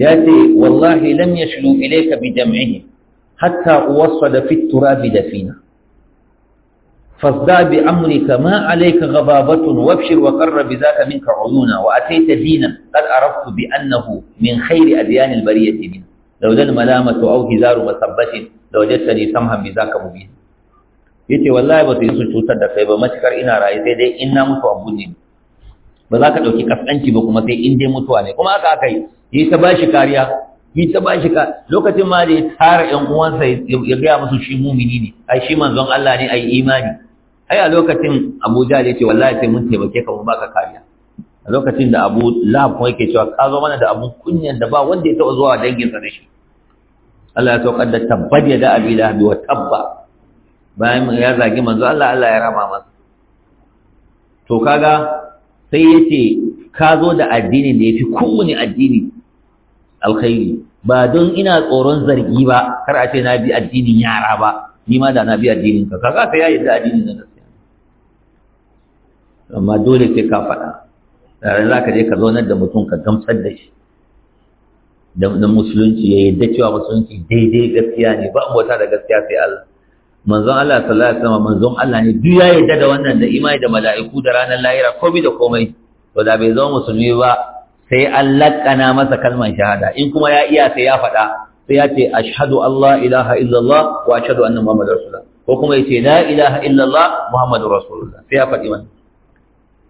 ya ce wallahi lam yashlu ilayka bi jam'ihi hatta uwassada fi turabi dafina فاصدع بأمرك ما عليك غضابة وابشر وقر بذاك منك عيونا وأتيت دينا قد عرفت بأنه من خير أديان البرية منه laulal malamatu aw hizaru masabbatin lawajadtani samhan bi zaka mubin yace wallahi ba su yi su cutar da kai ba matukar ina rayu sai dai in na mutu abu ne ba za ka ɗauki kaskanci ba kuma sai in dai mutuwa ne kuma aka aka yi yi ta ba shi kariya yi ta ba shi lokacin ma da ya tara 'yan uwansa ya gaya musu shi mumini ne ai shi manzon Allah ne ai imani ai a lokacin Abuja ya ce wallahi sai mun taimake ka mun baka kariya a lokacin da abu lahab kuma yake cewa ka zo mana da abun kunyan da ba wanda ya taɓa zuwa danginsa da shi Allah ya saukar da tabbat ya da abi lahab wa tabba bayan ya zagi manzo Allah Allah ya rama masa to kaga sai yace ka zo da addini da ya fi kowane addini alkhairi ba don ina tsoron zargi ba kar a ce na bi addinin yara ba ni ma da na bi addinin ka kaga sai ya yi da addinin na gaskiya amma dole sai ka faɗa tare za ka je ka zaunar da mutum ka gamsar da shi da musulunci ya yadda cewa musulunci daidai gaskiya ne ba bauta da gaskiya sai Allah manzon Allah sallallahu alaihi wasallam manzon Allah ne duk ya yadda da wannan da imani da mala'iku da ranar lahira komai da komai to da bai zama musulmi ba sai an lakana masa kalmar shahada in kuma ya iya sai ya faɗa sai ya ce ashhadu Allah ilaha illallah wa ashhadu anna muhammadar rasulullah ko kuma ya ce la ilaha illallah muhammadur rasulullah sai ya faɗi wannan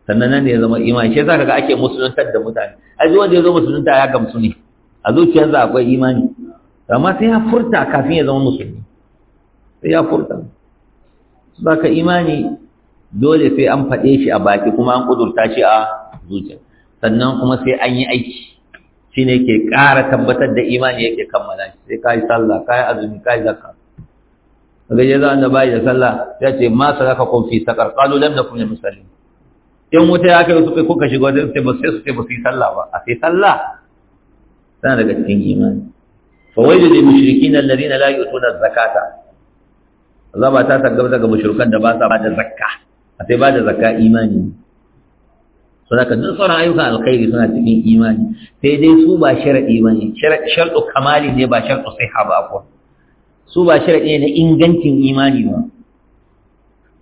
sannan nan ne ya zama imani shi yasa kaga ake musuluntar da mutane ai wanda ya zo musulunta ya gamsu ne a zuciyarsa akwai imani amma sai ya furta kafin ya zama musulmi sai ya furta saka imani dole sai an faɗe shi a baki kuma an kudurta shi a zuciya sannan kuma sai an yi aiki shi ne ke ƙara tabbatar da imani yake kammala shi sai kayi sallah kayi azumi kayi zakka daga ya zan da bayi da sallah ya ce ma sadaka kun fi saƙar qalu lam nakun lil musallin yan wuta ya kai suka kuka shiga wajen sai ba sai su ba su yi sallah ba a sai sallah tana daga cikin imani fa wailu lil na alladheena layi yu'tuna zakata ba ta tabbata daga mushrikan da ba sa ba da zakka a sai ba da zakka imani sadaka duk sauran ayyukan alkhairi suna cikin imani sai dai su ba ba ne? shar'u kamali ne ba sai sihha ba su ba shar'i ne na ingancin imani ba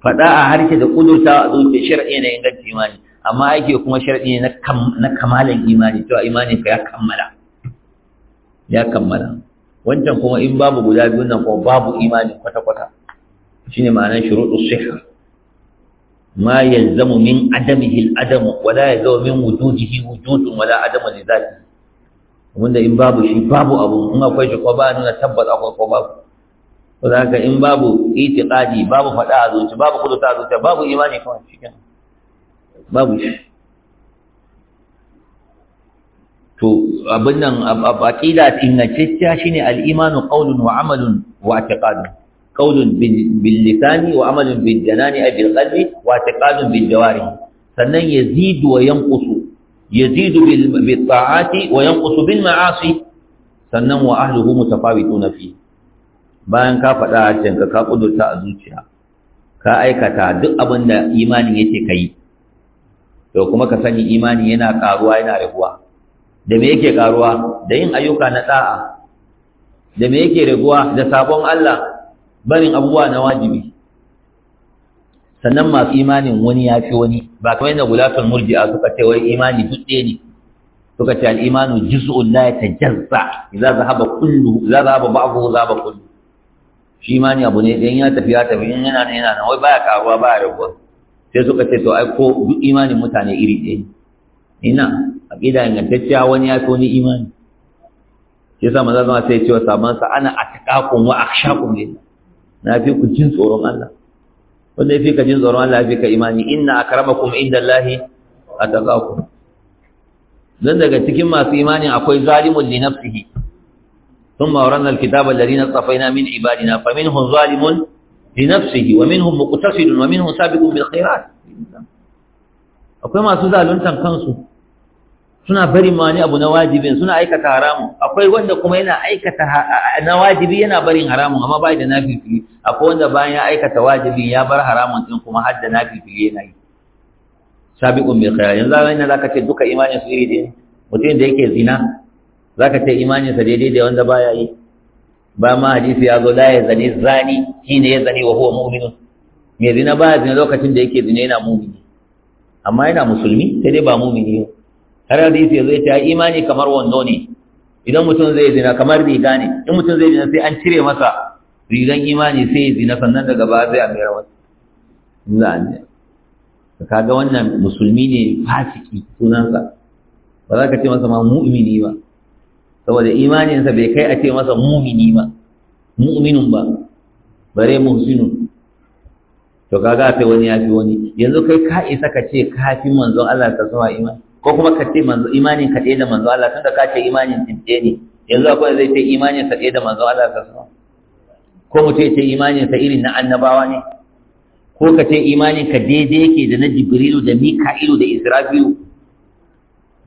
faɗa a harshe da kudurta a zuciya shar'i na inganci imani amma aiki kuma shar'i ne na kamalin imani cewa imani ka ya kammala ya kammala wancan kuma in babu guda biyu, nan ko babu imani kwata-kwata shine ma'anar shuruɗu sihha ma yalzamu min adamihi al-adamu wa la yalzamu min wujudihi wujudun wa la adamu li dhatihi wanda in babu shi babu abu in akwai shi ko ba nuna tabbas akwai ko babu ko za in babu itikadi babu fada a zuci babu kuduta a zuci babu imani kawai cikin babu shi to abin nan aqida ingantacciya shine al-imanu qawlun wa amalun wa i'tiqadun qawlun bil lisani wa amalun bil janani ay bil qalbi wa i'tiqadun bil jawarih sannan yazidu wa yanqusu yazidu bil ta'ati wa yanqusu bil ma'asi sannan wa ahluhu mutafawituna fi bayan ka faɗa a cinka ka ƙudurta a zuciya ka aikata duk abin da imanin yake ka yi to kuma ka sani imani yana ƙaruwa yana raguwa da me yake ƙaruwa da yin ayyuka na ɗa'a da me yake raguwa da sabon Allah barin abubuwa na wajibi sannan masu imanin wani ya fi wani ba kamar yadda gulatul murji'a suka ce wai imani duk ɗaya ne suka ce al'imanu juz'un la yatajazza idza zahaba kullu idza zahaba ba'dahu zahaba kullu shi ma ne abu ne idan ya tafi ya tafi yana nan yana nan wai baya karuwa baya rabuwa sai suka ce to ai ko duk imanin mutane iri ɗaya ina a ƙida ingantacciya wani ya so ni imani shi yasa maza zama sai ya ce wa saban sa ana a ataqakum wa shaƙun ne na fi ku jin tsoron Allah wanda fi ka jin tsoron Allah fi ka imani inna lahi a ataqakum zan daga cikin masu imani akwai zalimun linafsihi ثم أورنا الكتاب الذين اصطفينا من عبادنا فمنهم ظالم لنفسه ومنهم مقتصد ومنهم سابق بالخيرات akwai masu zaluntan kansu suna bari mani abu na wajibin suna aikata haramun akwai wanda kuma yana aikata na wajibi yana barin haramun amma bai da nafifili akwai wanda bayan ya aikata wajibi ya bar haramun din kuma har da nafifili yana yi sabiqun bil khayr yanzu zaka ce duka imanin su iri din mutum da yake zina zaka ce imaninsa daidai da wanda baya yi ba ma hadisi ya zo da ya zani zani ne ya zani wa huwa mu'minu me zina baya zina lokacin da yake zina yana mu'mini amma yana musulmi sai dai ba mu'mini har hadisi ya zo ya imani kamar wando ne idan mutum zai zina kamar riga ne in mutum zai zina sai an cire masa rigan imani sai ya zina sannan daga baya sai amira wasu. masa za a kaga wannan musulmi ne fasiki sunansa ba za ka ce masa ma mu'mini ba saboda imaninsa bai kai a ce masa mumini ba mu'minun ba bare muhsinun to kaga sai wani ya fi wani yanzu kai ka isa ka ce ka fi manzon Allah ta sawa imani ko kuma ka ce manzo imanin ka da manzon Allah tunda ka ce imanin tinte ne yanzu akwai zai ce imanin ka da manzon Allah ta sawa ko mu ce imanin ka irin na annabawa ne ko ka ce imanin ka daidai yake da na Jibrilu da Mika'ilu da Israfilu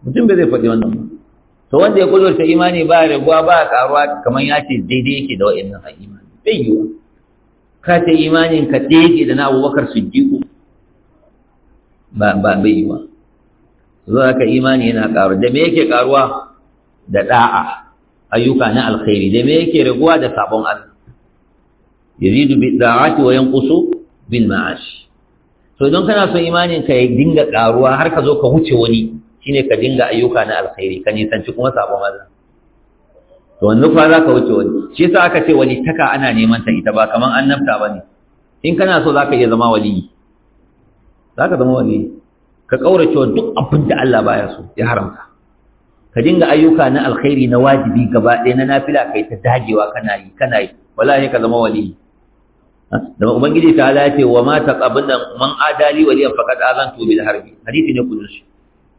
mutum bai zai faɗi wannan ba to wanda ya kudurta imani ba raguwa ba karuwa kamar ya ce daidai yake da wa'annan a imani zai yiwu ka ce imanin ka daidai da na abubakar su jiku ba bai yiwa zo ka imani yana karuwa da me yake karuwa da da'a ayyuka na alkhairi da me yake raguwa da sabon Allah yazidu bi da'ati wa yanqusu bil ma'ash to don kana son imanin ka ya dinga karuwa har ka zo ka wuce wani shine ka dinga ayyuka na alkhairi ka nisanci kuma sabon maza to wannan fa za ka wuce wani shi yasa aka ce wali taka ana neman ta ita ba kaman annabta bane in kana so zaka iya zama wali zaka zama wali ka kaurace wa duk abin da Allah baya so ya haramta ka dinga ayyuka na alkhairi na wajibi gaba ɗaya na nafila kai ta dagewa kana yi kana yi wallahi ka zama wali da ubangiji ta ala ce wa ma taqabban man adali waliyan faqad azantu bil harbi hadisi ne shi.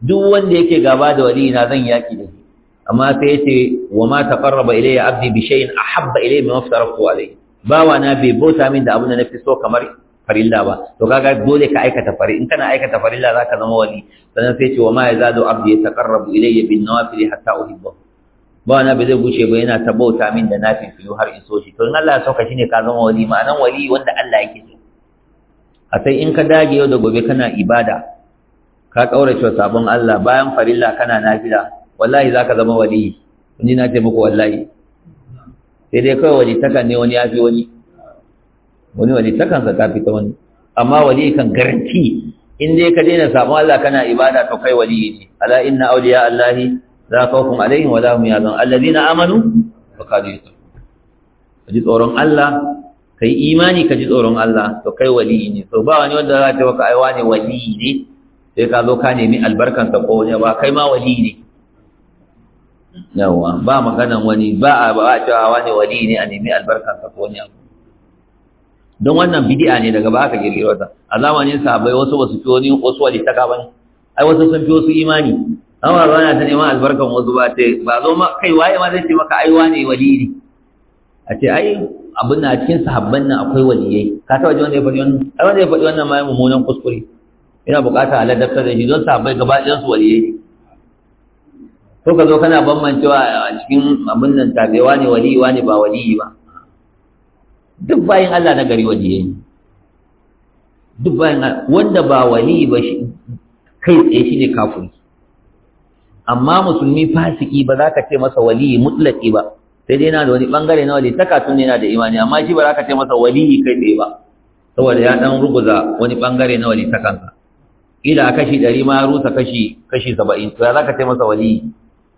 duk wanda yake gaba da wali na zan yaki da shi amma sai yace wa ma taqarraba ilayya abdi bi shay'in ahabba ilayya mimma aftaratu alayhi bawa na bai bauta min da abin da nafi so kamar farilla ba to kaga dole ka aikata fari in kana aikata farilla zaka zama wali sannan sai yace wa ma yazadu abdi yataqarrabu ilayya bin nawafil hatta uhibba ba na bai zai guce ba yana ta bauta min da nafi fiyo har in so shi to in Allah ya sauka shine ka zama wali ma'anan wali wanda Allah yake so a sai in ka dage yau da gobe kana ibada ka kaurace wa sabon Allah bayan farilla kana nafila wallahi zaka zama wali ni na ce muku wallahi sai dai kawai wali takan ne wani yafi wani wani wali ta sa tafi ta wani amma wali kan garanti in dai ka daina sabon Allah kana ibada to kai wali ne ala inna awliya allahi la khawfun alaihim wa la hum yahzanun alladhina amanu wa kanu yattaqun ji tsoron Allah kai imani ka ji tsoron Allah to kai wali ne to ba wani wanda za ce wa kai wani wali ne sai ka zo ka nemi albarkansa ko wani ba kai ma wali ne yawa ba maganan wani ba a ba cewa wani wali ne a nemi albarkansa ko wani abu don wannan bid'a ne daga ba ka kirkiro ta a zamanin sahabbai wasu basu fi wani wasu wali taka bane ai wasu sun fi wasu imani amma ba na ta neman albarkan wasu ba ce ba zo ma kai waye ma zai ce maka ai wani wali ne a ce ai abin na cikin sahabban nan akwai waliyai ka ta waje wanda ya faɗi wannan ai wanda ya faɗi wannan ma mummunan kuskure Ina bukata a ladabtar da shi don sabai gaba ɗin su waliyai ko ka zo kana bambancewa a cikin abin nan tabe wani waliwa wani ba waliyi ba duk bayan Allah na gari waliyai ne duk bayan wanda ba waliyi ba shi kai tsaye shi ne kafiri amma musulmi fasiki ba za ka ce masa waliyi mutlaki ba sai dai yana da wani bangare na wali tun yana da imani amma shi ba za ka ce masa waliyi kai tsaye ba saboda ya dan ruguza wani bangare na wali takansa ila kashi ɗari ma rusa kashi kashi saba'in to ya za ka ce masa wali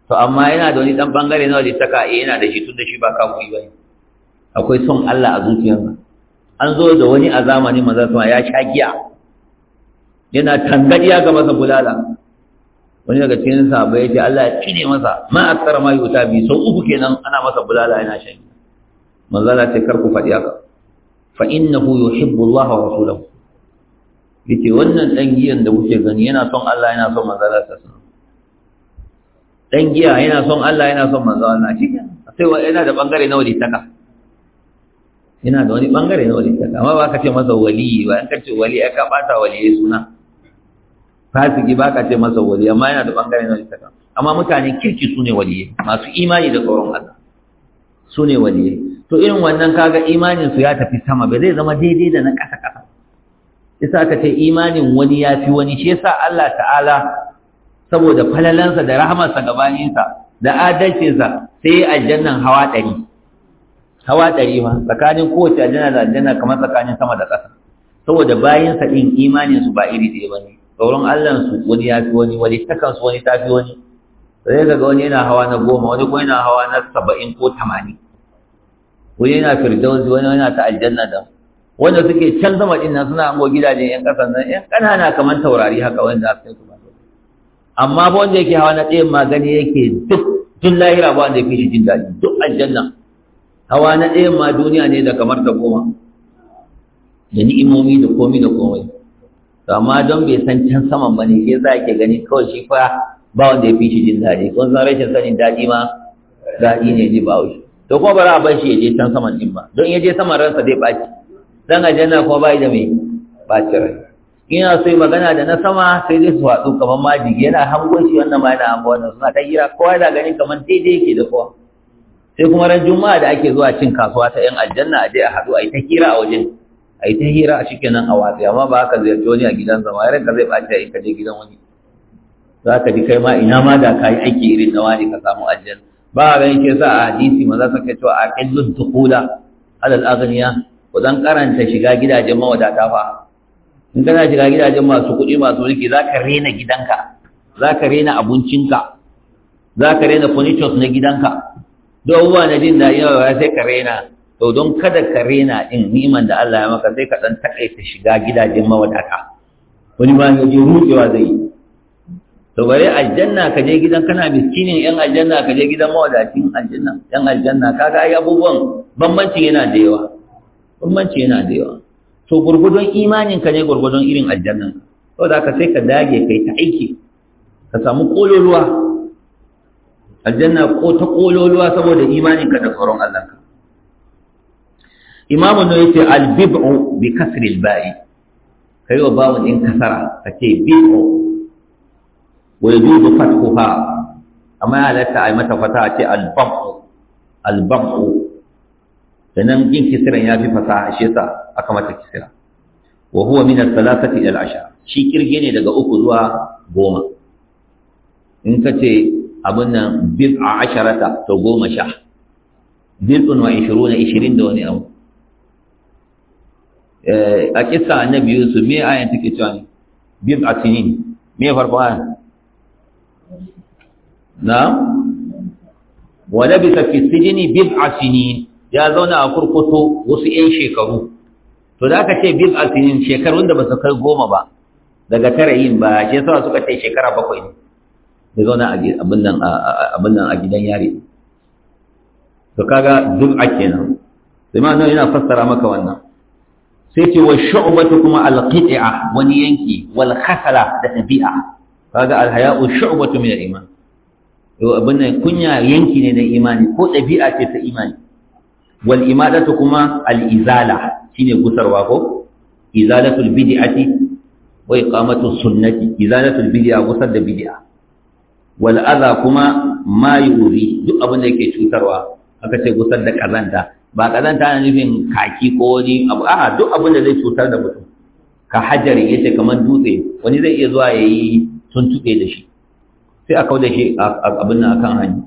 to amma yana da wani ɗan ɓangare na wali taka a eh, yana da shi tun da shi ba yi ba akwai son Allah a zuciyarsa an zo da wani a zamanin maza sama ya sha giya yana tangadiya ga masa bulala wani daga cikin sahabbai ya ce Allah ya cire masa ma aksara ma yuta bi sau uku kenan ana masa bulala yana shan giya manzala ce kar ku faɗi haka fa innahu yuhibbu Allah wa rasulahu yake wannan dan giyan da kuke gani yana son Allah yana son manzo Allah sallallahu alaihi dan giya yana son Allah yana son manzo Allah shikenan sai yana da bangare na taka yana da wani bangare na taka amma ba ka ce masa wali ba ka ce wali aka bata wali suna fasiki ba ka ce masa wali amma yana da bangare na taka amma mutane kirki su ne waliye masu imani da tsoron Allah su ne waliye to irin wannan kaga imanin su ya tafi sama ba zai zama daidai da na kasa-kasa. Isa aka ce imanin wani ya fi wani shi yasa Allah ta'ala saboda falalansa da rahamarsa gabaninsa da adalcinsa sai aljannan hawa ɗari hawa ɗari ma tsakanin kowace aljanna da aljanna kamar tsakanin sama da ƙasa saboda bayansa ɗin imaninsu ba iri ɗaya ba ne tsoron Allahnsu wani ya fi wani wani takansu wani ta fi wani sai ka ga wani yana hawa na goma wani kuma yana hawa na saba'in ko tamanin wani yana firdausi wani yana ta aljanna da wanda suke can sama din nan suna ango gidajen yan kasan nan yan kanana kamar taurari haka wanda a cikin su ba amma ba wanda yake hawa na ɗayan magani yake duk tun lahira ba wanda yake shi jin daɗi duk aljanna hawa na ɗaya ma duniya ne da kamar ta koma. da ni'imomi da komi da komai to amma don bai san can saman ba ne ke za ke gani kawai shi fa ba wanda ya fi shi jin daɗi Ko san rashin sanin daɗi ma daɗi ne ji ba wuce to kuma ba za a bar shi ya je can saman din ba don ya je saman ransa zai ɓaci dan aljanna kuma bai da mai bacin rai ina so magana da na sama sai dai su watsu kamar majigi yana hangon shi wannan ma yana hango wannan suna ta hira kowa da gani kamar daidai yake da kowa sai kuma ran juma'a da ake zuwa cin kasuwa ta yan aljanna a je a haɗu a yi ta hira a wajen a yi ta hira a nan a watsi amma ba haka ziyarci wani a gidan zama yaran ka zai ɓaci a ka je gidan wani za ka ji kai ma ina ma da ka yi aiki irin na wani ka samu aljanna ba a ganin ke sa a hadisi maza suka cewa a ƙillun tuƙula alal aghniya ku dan karanta shiga gidajen mawadata fa in kana shiga gidajen masu kuɗi masu mulki za ka rena gidanka za ka rena abincinka za ka rena furnitures na gidanka don abubuwa na jin daɗi yawa sai ka rena to don kada ka rena ɗin niman da Allah ya maka sai ka ɗan taƙaita shiga gidajen mawadata wani ba ya je rutsewa zai yi to bare aljanna ka je gidan kana miskinin yan aljanna ka je gidan mawadatin aljanna yan aljanna kaga ai abubuwan bambancin yana da yawa bambanci yana da yawa to gurgudun imanin ka ne gurgudun irin aljannan saboda haka sai ka dage kai ta aiki ka samu kololuwa aljanna ko ta kololuwa saboda imanin ka da tsoron Allah ka imamu ne yace bibu bi kasril ba'i kai wa bawo din kasara kace bib'u wa yajuzu fathuha amma ya lata ai mata fata ce al-Babku. al albab'u sannan yin kisiran ya fi fasaha shi yasa aka mata kisira wa huwa min al-thalathati ila al ashar shi kirge ne daga uku zuwa goma in ka ce abin nan bid'a asharata to goma sha bid'un wa ishiruna ishirin da wani abu eh, a kisa annabi yusuf me ayan take cewa ne bid'a sinin me farko ayan na wa labisa fi sijni bid'a sinin ya zauna a kurkutu wasu 'yan shekaru to da aka ce bil asinin shekarun da ba su kai goma ba daga tara yin ba shi sa suka ce shekara bakwai ne ya zauna abin nan a gidan yari to kaga duk a kenan sai ma yana fassara maka wannan sai ce wa shu'batu kuma al wani yanki wal khasala da tabi'a kaga alhaya'u hayau shu'batu min al-iman Yau abin nan kunya yanki ne na imani ko tabi'a ce ta imani wal imadatu kuma al izala shine gusarwa ko izalatul bid'ati wa iqamatus sunnati izalatul bid'a gusar da bid'a wal adha kuma ma yuri duk abin da yake cutarwa aka ce gusar da kazanta ba kazanta ana nufin kaki ko wani abu a'a duk abin da zai cutar da mutum ka hajari yace kamar dutse wani zai iya zuwa yayi tuntube da shi sai a da shi abin nan akan hanyu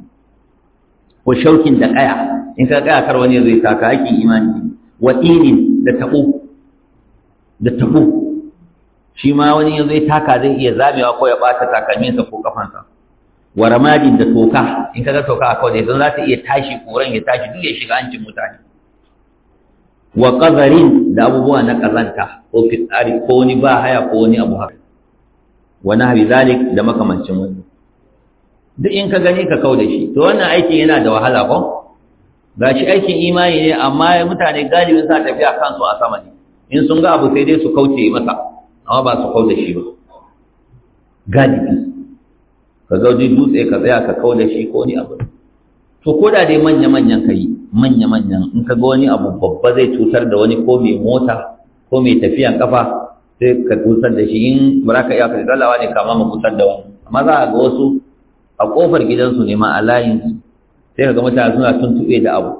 ko shaukin da kaya in ka tsaya kar wani zai taka haƙƙin imani wa inin da tabo da tabo shi ma wani zai taka zai iya zamewa ko ya bata takalminsa ko kafansa wa ramadin da toka in ka ga toka a kawai don za ta iya tashi koran ya tashi duk ya shiga hancin mutane wa qazarin da abubuwa na kazanta ko fitsari ko wani ba haya ko wani abu haka wa nahwi zalik da makamancin wani duk in ka gani ka kauda shi to wannan aikin yana da wahala ko ga shi aikin imani ne amma mutane galibin sa tafiya kansu a sama ne in sun ga abu sai dai su kauce masa amma ba su kauce shi ba galibi ka zauji dutse ka tsaya ka kauce shi ko ni abu to ko da dai manya-manyan ka yi manya-manyan in ka ga wani abu babba zai cutar da wani ko mai mota ko mai tafiyan kafa sai ka cutar da shi in ba ka iya ka tsalawa ne kama ma cutar da wani amma za a ga wasu a kofar gidansu ne ma a layinsu sai ka ga mutane suna tuntuɓe da abu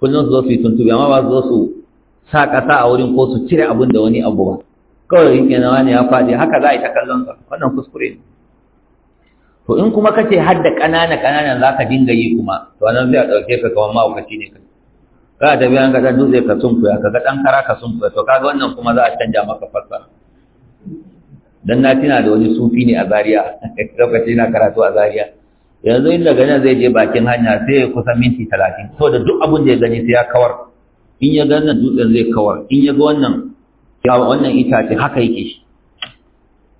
kullum su zo su yi tuntuɓe amma ba su zo su sa ƙasa a wurin ko su cire abin da wani abu ba kawai yin kenan wani ya faɗi haka za a yi ta kallon sa wannan kuskure ne to in kuma kace har da ƙanana ƙananan za ka dinga yi kuma to nan zai a ɗauke ka kamar mahaukaci ne kai ka tafi an ga ɗan dutse ka sunkuya ka ga ɗan kara ka sunkuya to kaga wannan kuma za a canja maka fassara dan na tuna da wani sufi ne a Zariya, lokaci na karatu a Zariya. yanzu inda ganin zai je bakin hanya sai ya kusan minti talatin to da duk abin da ya gani sai ya kawar in ya gani dutsen zai kawar in ya ga wannan ya wannan itace haka yake shi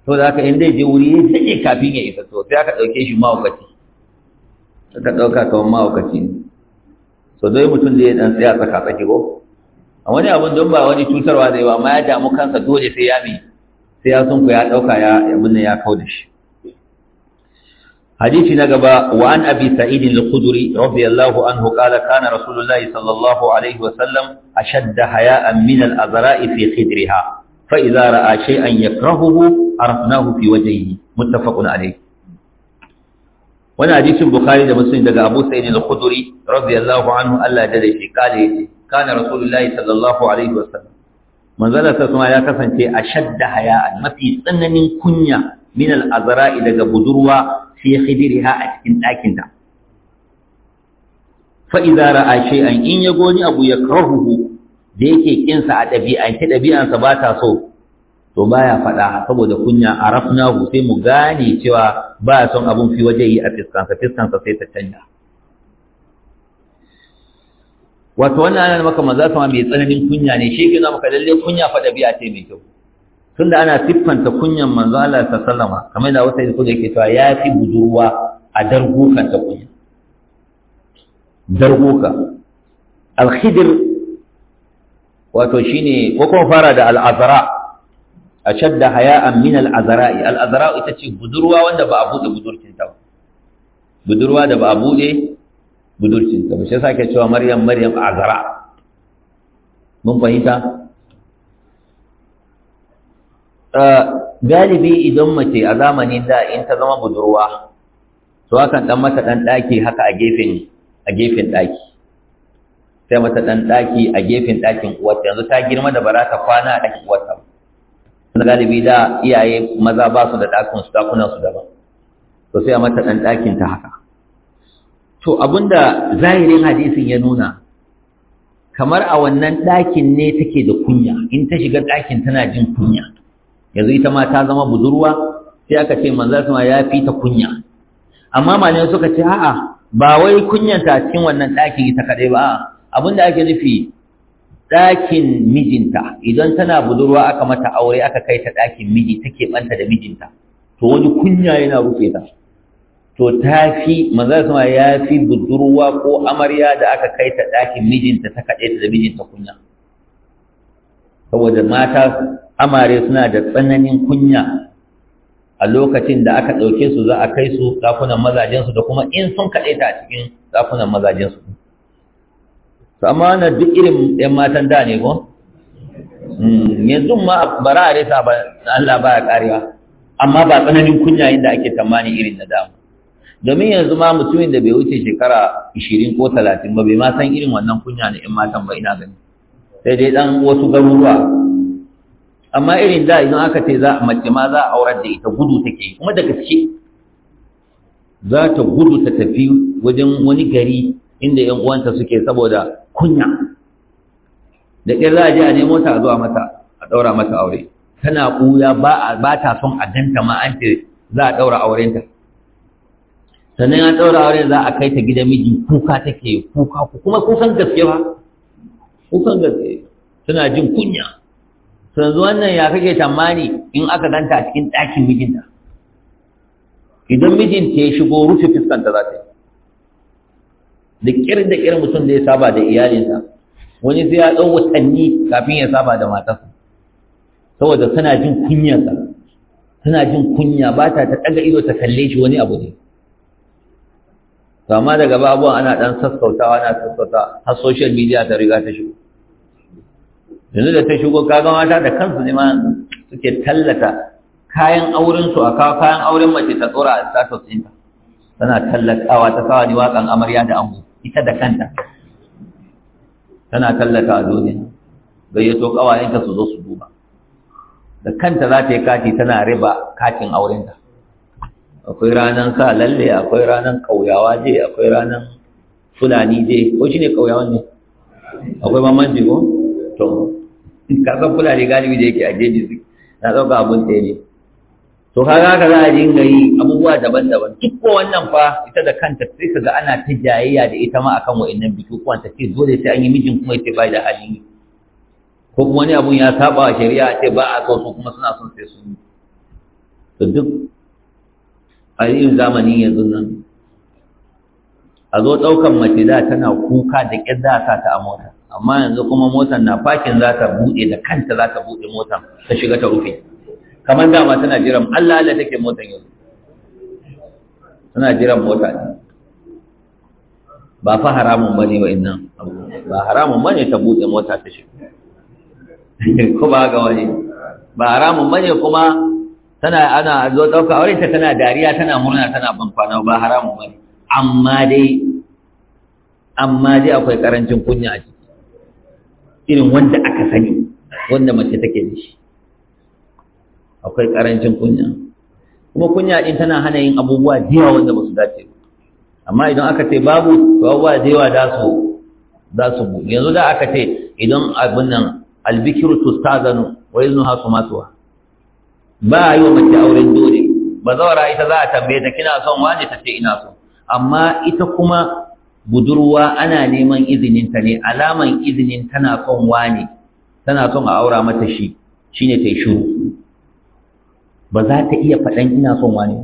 to da haka in zai je wuri ya sanya kafin ya isa to sai aka ɗauke shi mawukaci, aka ɗauka kawai mawukaci. ne so dai mutum da ya dan tsaya tsaka tsaki ko a wani abin don ba wani cutarwa zai ba amma ya damu kansa dole sai ya mi sai ya sunku ya ɗauka ya abin ya kawo da shi حديث نقبا وعن أبي سعيد الخدري رضي الله عنه قال كان رسول الله صلى الله عليه وسلم أشد حياء من الأذراء في خدرها فإذا رأى شيئا يكرهه عرفناه في وجهه متفق عليه وانا حديث البخاري ده مسلم ده أبو سعيد الخدري رضي الله عنه ألا جدي قال كان رسول الله صلى الله عليه وسلم من ذلك سمع يا كسنتي أشد حياء ما في سنن كنيا من الأذراء ده بدروا fi khidriha a cikin ɗakin ta fa idza ra'a shay'an in ya goni abu ya karahu da yake kinsa a dabi'an sa ba ta so to baya faɗa saboda kunya arafnahu sai mu gane cewa ba son abun fi waje yi a fiskansa fiskansa sai ta canja wato wannan ana maka maza sama mai tsananin kunya ne shi ke na maka lalle kunya fa dabi'a ce mai kyau tunda ana siffanta kunyan manzo Allah ta sallama kamar da wata yake yake cewa ya fi budurwa a darguka ta kunya darguka al-khidr wato shine ko kuma fara da al-azra ashadda haya'an min al-azra'i al-azra ita ce budurwa wanda ba a bude budurcin ta budurwa da ba a bude budurcin ta ba shi yasa ke cewa maryam maryam azra mun fahimta Eh, galibi idan mace a zamanin da in ta zama budurwa to akan dan mata dan daki haka a gefen a gefen daki sai mata dan daki a gefen dakin uwarta yanzu ta girma da barata kwana a dakin uwarta na galibi da iyaye maza ba su da dakin su dakuna su daban to sai a mata dan dakin ta haka to abinda zahirin hadisin ya nuna kamar a wannan dakin ne take da kunya in ta shiga dakin tana jin kunya yanzu ita ma ta zama budurwa sai aka ce manzon sama ya fi ta kunya amma malamai suka ce a'a ba wai ta cikin wannan ɗakin ita kaɗai ba abin da ake nufi ɗakin mijinta idan tana budurwa aka mata aure aka kai ta ɗakin miji take ɓanta da mijinta to wani kunya yana rufe ta to ta fi manzara sama ya fi budurwa ko amarya da aka kai ta ɗakin mijinta ta kaɗai ta da mijinta kunya saboda mata amare suna da tsananin kunya a lokacin da aka ɗauke su za a kai su ɗakunan mazajensu da kuma in sun kaɗe ta a cikin ɗakunan mazajensu su amma na duk irin ‘yan matan da ne ko? Hmm, yanzu ma ba ra resa ba Allah ba ya ƙarewa amma ba tsananin kunya yadda ake tamani irin na dama. domin yanzu ma mutumin da bai wuce shekara 20 ko 30 ba bai ma san irin wannan kunya na ‘yan matan ba ina gani sai dai dan wasu garuruwa amma irin da idan aka ce za a mace ma za a aurar da ita gudu take kuma da gaske za ta gudu ta tafi wajen wani gari inda yan uwanta suke saboda kunya da ƙyar za a je a nemo ta a zuwa mata a ɗaura mata aure tana ɓuya ba ta son a ganta ma an ce za a ɗaura aurenta sannan an ɗaura aure za a kai ta gidan miji kuka take kuka ku kuma kusan gaske ba kukan gaske suna jin kunya yanzu wannan ya kake tamani in aka danta a cikin ɗakin mijinta idan mijinta ya shigo rufe fuskanta za ta yi da ƙir da ƙir mutum da ya saba da iyalinsa wani sai ya ɗau watanni kafin ya saba da matarsa saboda suna jin kunyarsa suna jin kunya ba ta ta ɗaga ido ta kalle shi wani abu ne to amma daga babuwan ana dan sassautawa ana sassautawa har social media ta riga ta shigo yanzu da ta shigo kaga mata da kansu ne ma suke tallata kayan aurensu a kawo kayan auren mace ta tsora a status ɗinta tana tallatawa ta kawo ni waƙan amarya da ango ita da kanta tana tallata a duniya gayyato ƙawayenta su zo su duba da kanta za ta yi kati tana riba katin aurenta akwai ranar sa lalle akwai ranar kauyawa je akwai ranar fulani je ko shi ne kauyawa ne akwai bambanci ko to kasan fulani galibi da yake a jeji su na ɗauka abun ɗaya ne to za haka za a dinga yi abubuwa daban-daban duk ko wannan fa ita da kanta sai ka ga ana ta jayayya da ita ma akan wa'annan bikukuwan ta ce dole sai an yi mijin kuma ce bai da hali ko kuma wani abun ya saba wa shari'a ce ba a so su kuma suna son sai su to duk a yin zamanin yanzu nan a zo ɗaukan mace da tana kuka da ƙyar za sa ta a mota amma yanzu kuma motar na fakin za ta buɗe da kanta za ta buɗe motar ta shiga ta rufe kamar dama tana jiran Allah Allah take motar yanzu tana jiran mota ne ba fa haramun bane wa innan ba haramun bane ta buɗe mota ta shiga ko ba ga wani ba haramun bane kuma tana ana zo ɗauka aure ta tana dariya tana murna tana ban kwana ba haramun bane amma dai amma dai akwai karancin kunya a ciki irin wanda aka sani wanda mace take da shi akwai karancin kunya kuma kunya din tana hana yin abubuwa da yawa wanda ba su dace ba amma idan aka ce babu to abubuwa da yawa za su za su bu yanzu da aka ce idan abin nan albikiru tustazanu wa yuznu hasumatuha ba yi wa mace auren dole zaura ita za a tambaye ta kina son wani ta ce ina so amma ita kuma budurwa ana neman izinin ta ne alaman izinin tana son wani tana son a aura mata shi shine ta yi shiru ba za ta iya faɗan ina son wani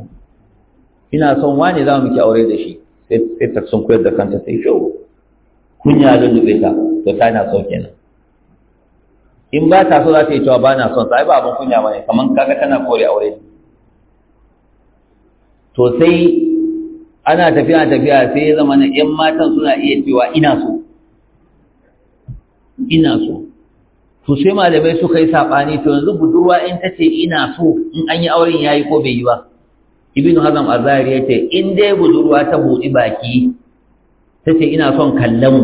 ina son wani za mu ke aure da shi sai ta sun koyar da kanta yi shuru kunya lullube ta to ta na son kenan in ba ta so za ta yi cewa ba na son sa ai ba abin kunya ba ne kamar kaga tana kore aure to sai ana tafiya tafiya sai ya zama na ƴan matan suna iya cewa ina so ina so to sai malamai suka yi saɓani to yanzu budurwa in ta ce ina so in an yi auren ya yi ko bai yi ba ibnu hazam azari ya ce in dai budurwa ta buɗi baki ta ce ina son kallon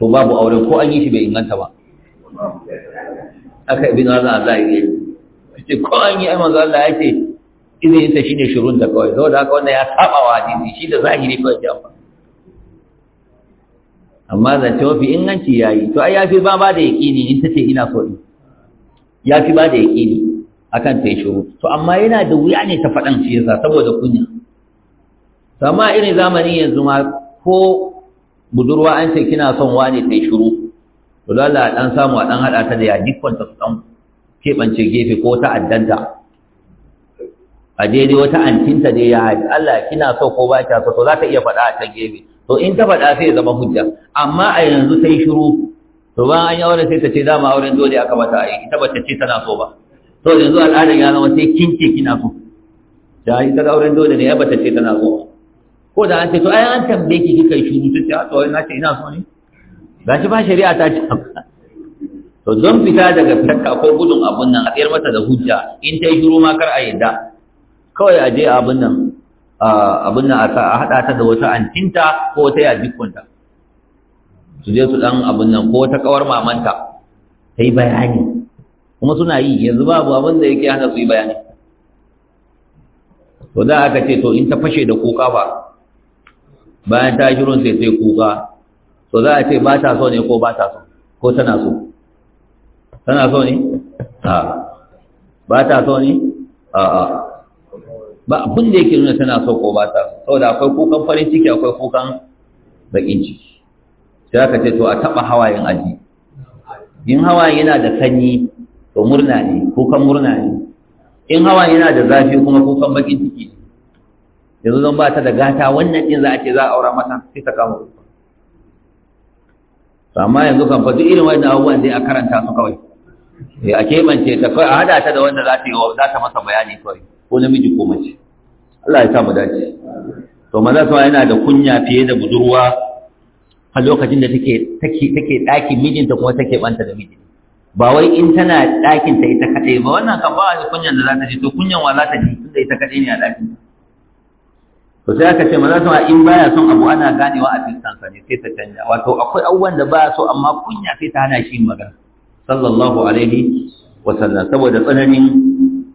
to babu aure ko an yi shi bai inganta ba aka bin hazan Allah ya ce ko an yi ai Allah ya ce izinin ta shine shirun da kawai da haka wanda ya saba wa hadisi shi da zahiri kawai ya fa amma fi, mafi inganci ya yi to ai ya fi ba ba da yaƙini in ta ce ina so in ya fi ba da yaƙini akan ta yi to amma yana da wuya ne ta faɗan shi yasa saboda kunya amma irin zamani yanzu ma ko budurwa an ce kina son wani ta yi to lalla a dan samu a dan hada ta da ya dikkonta su dan keɓance gefe ko ta addanta a daidai wata antinta dai ya haɗi, Allah kina so ko ba kya so to za ta iya faɗa a can gefe to in ta faɗa sai ya zama hujja amma a yanzu ta yi shiru to ban an yi aure sai ta ce mu auren dole aka mata a yi ita ba ta ce tana so ba to yanzu al'adar ya zama sai kin ce kina so Da yi ta auren dole ne ya ba ta ce tana so ko da an ce to ai an tambaye ki kika yi shiru ta ce a ah, to na ce ina so ne gashi ba shari'a ta ce to don fita daga fitarka ko gudun abun nan a tsayar mata da hujja in ta yi shiru ma kar a yadda kawai a je abun nan abun nan a haɗa ta da wata antinta ko wata yajikunta su je su ɗan abun nan ko wata kawar mamanta ta yi bayani kuma suna yi yanzu babu abin da yake hana su yi bayani to da aka ce to in ta fashe da kuka ba bayan ta shirin sai sai kuka so za a ce ba ta so ne ko ba ta so ko tana so tana so ne a ba ta so ne a a ba abin da yake nuna tana so ko ba ta so saboda akwai kukan farin ciki akwai kukan bakin ciki sai aka ce to a taba hawayen aji in hawayen yana da sanyi to murna ne kukan murna ne in hawayen yana da zafi kuma kukan bakin ciki yanzu zan ba ta da gata wannan din za a ce za a aura mata sai ta kama amma yanzu kan fa duk irin wannan abubuwan dai a karanta su kawai eh a kebance ta kawai a hada ta da wanda za ta yi za ta masa bayani kawai ko namiji ko mace Allah ya sa mu dace to maza sama yana da kunya fiye da budurwa a lokacin da take take take ɗakin mijinta kuma take banta da miji. ba wai in tana ɗakin ta ita kadai ba wannan kan ba a kunyan da za ta ji to kunyan wa za ta ji tunda ita kadai ne a dakin ta to sai aka ce maza sama in baya son abu ana ganewa a cikin sa ne sai ta canja wato akwai abubuwan da baya so amma kunya sai ta hana shi magana sallallahu alaihi wa sallam saboda tsananin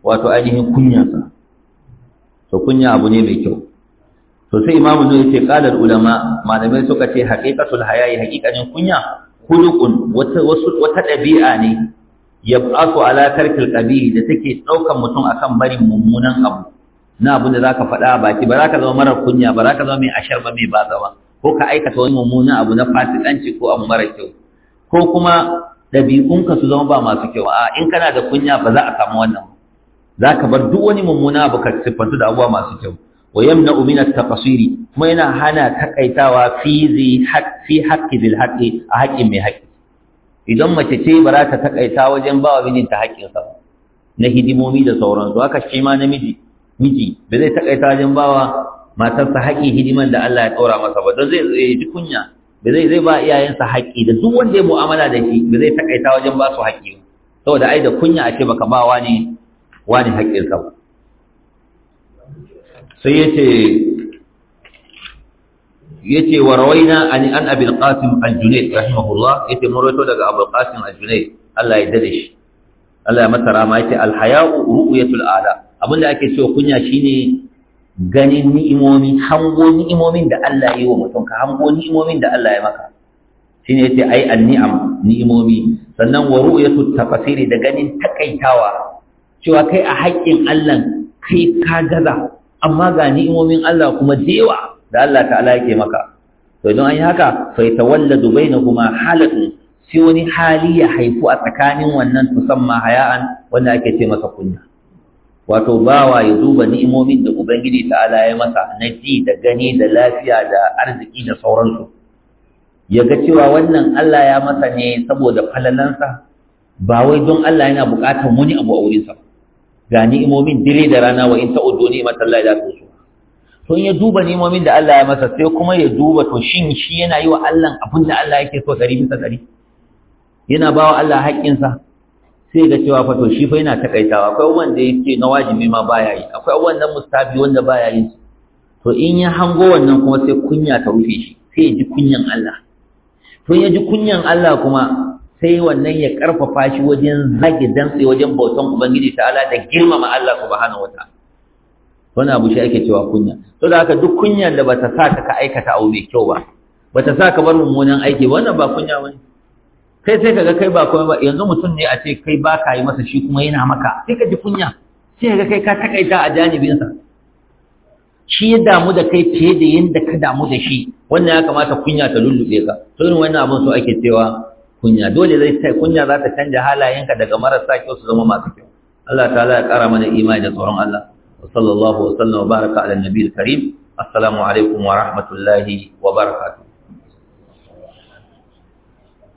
wato ainihin kunyarsa to kunya abu ne mai kyau to sai imamu zai ce kalar ulama malamai suka ce haqiqatul hayayi haqiqanin kunya khuluqun wata wata dabi'a ne yab'asu ala tarkil qabih da take daukan mutum akan barin mummunan abu na abin da za ka faɗa a baki ba za ka zama marar kunya ba za ka zama mai ashar ba mai bazawa ko ka aikata wani mummunan abu na fasikanci ko abu mara kyau ko kuma ɗabi'unka su zama ba masu kyau a in kana da kunya ba za a samu wannan za ka bar duk wani mummuna abu ka siffantu da abubuwa masu kyau wa yamna min at-taqsiri kuma yana hana takaitawa fi zi haq fi haqqi bil haqqi a haƙƙin mai haƙƙi idan mace ce ba za ta takaita wajen ba wa mijinta haƙƙinsa na hidimomi da sauransu haka shi ma namiji miji ba zai takaita wajen bawa matarsa haƙƙi hidiman da Allah ya ɗora masa ba don zai ji kunya ba zai zai ba iyayensa haƙƙi da duk wanda ya mu'amala da shi ba zai takaita wajen ba su haƙƙi ba saboda ai da kunya a ce baka ba wani wani haƙƙinsa ba sai ya ce ya ce wa rawaina an an abil qasim al-junayd rahimahullah ya ce mun rawaito daga abul qasim al-junayd Allah ya dade shi Allah ya masa rama ya ce al-haya'u ru'yatul a'la abin da ake cewa kunya shine ganin ni'imomi hango ni'imomin da Allah ya yi wa mutum ka hango ni'imomin da Allah ya maka shine yace ai an ni'imomi sannan wa ru'yatu tafasiri da ganin takaitawa cewa kai a haƙƙin Allah kai ka gaza amma ga ni'imomin Allah kuma dewa da Allah ta'ala yake maka to idan an yi haka fa yatawalladu bainahuma halatun sai wani hali ya haifu a tsakanin wannan tusamma haya'an wanda ake ce masa kunya wato bawa ya duba ni'imomin da ubangiji ta'ala ya masa na ji da gani da lafiya da arziki da sauransu ya ga cewa wannan Allah ya masa ne saboda falalansa ba wai don Allah yana buƙatar muni abu a wurinsa ga ni'imomin dire da rana wa in ta'uddu ni'matan la ilaha illa to ya duba ni'imomin da Allah ya masa sai kuma ya duba to shin shi yana yi wa Allah abin da Allah yake so dari bisa dari yana bawa Allah haƙƙinsa sai ga cewa fa to shi fa yana takaitawa akwai wanda yake na wajibi ma baya yi akwai wannan mustabi wanda baya yin su to in ya hango wannan kuma sai kunya ta rufe shi sai ya ji kunyan Allah to ya ji kunyan Allah kuma sai wannan ya karfafa shi wajen zage dantse wajen bautan ubangiji ta'ala da girmama Allah subhanahu wataala wannan abu shi ake cewa kunya to da haka duk kunyan da bata sa ka aikata abu mai kyau ba bata sa ka bar mummunan aiki wannan ba kunya bane kai sai kaga kai ba komai ba yanzu mutum ne a ce kai ba ka yi masa shi kuma yana maka sai ka ji kunya sai kaga kai ka takaita a janibinsa shi ya damu da kai fiye da yadda ka damu da shi wannan ya kamata kunya ta lullube ka to irin wannan abin so ake cewa kunya dole zai kunya za ta canja halayenka daga marasa kyau su zama masu kyau Allah ta'ala ya kara mana imani da tsoron Allah wa sallallahu wa sallam wa baraka ala nabiyil karim assalamu alaikum wa rahmatullahi wa barakatuh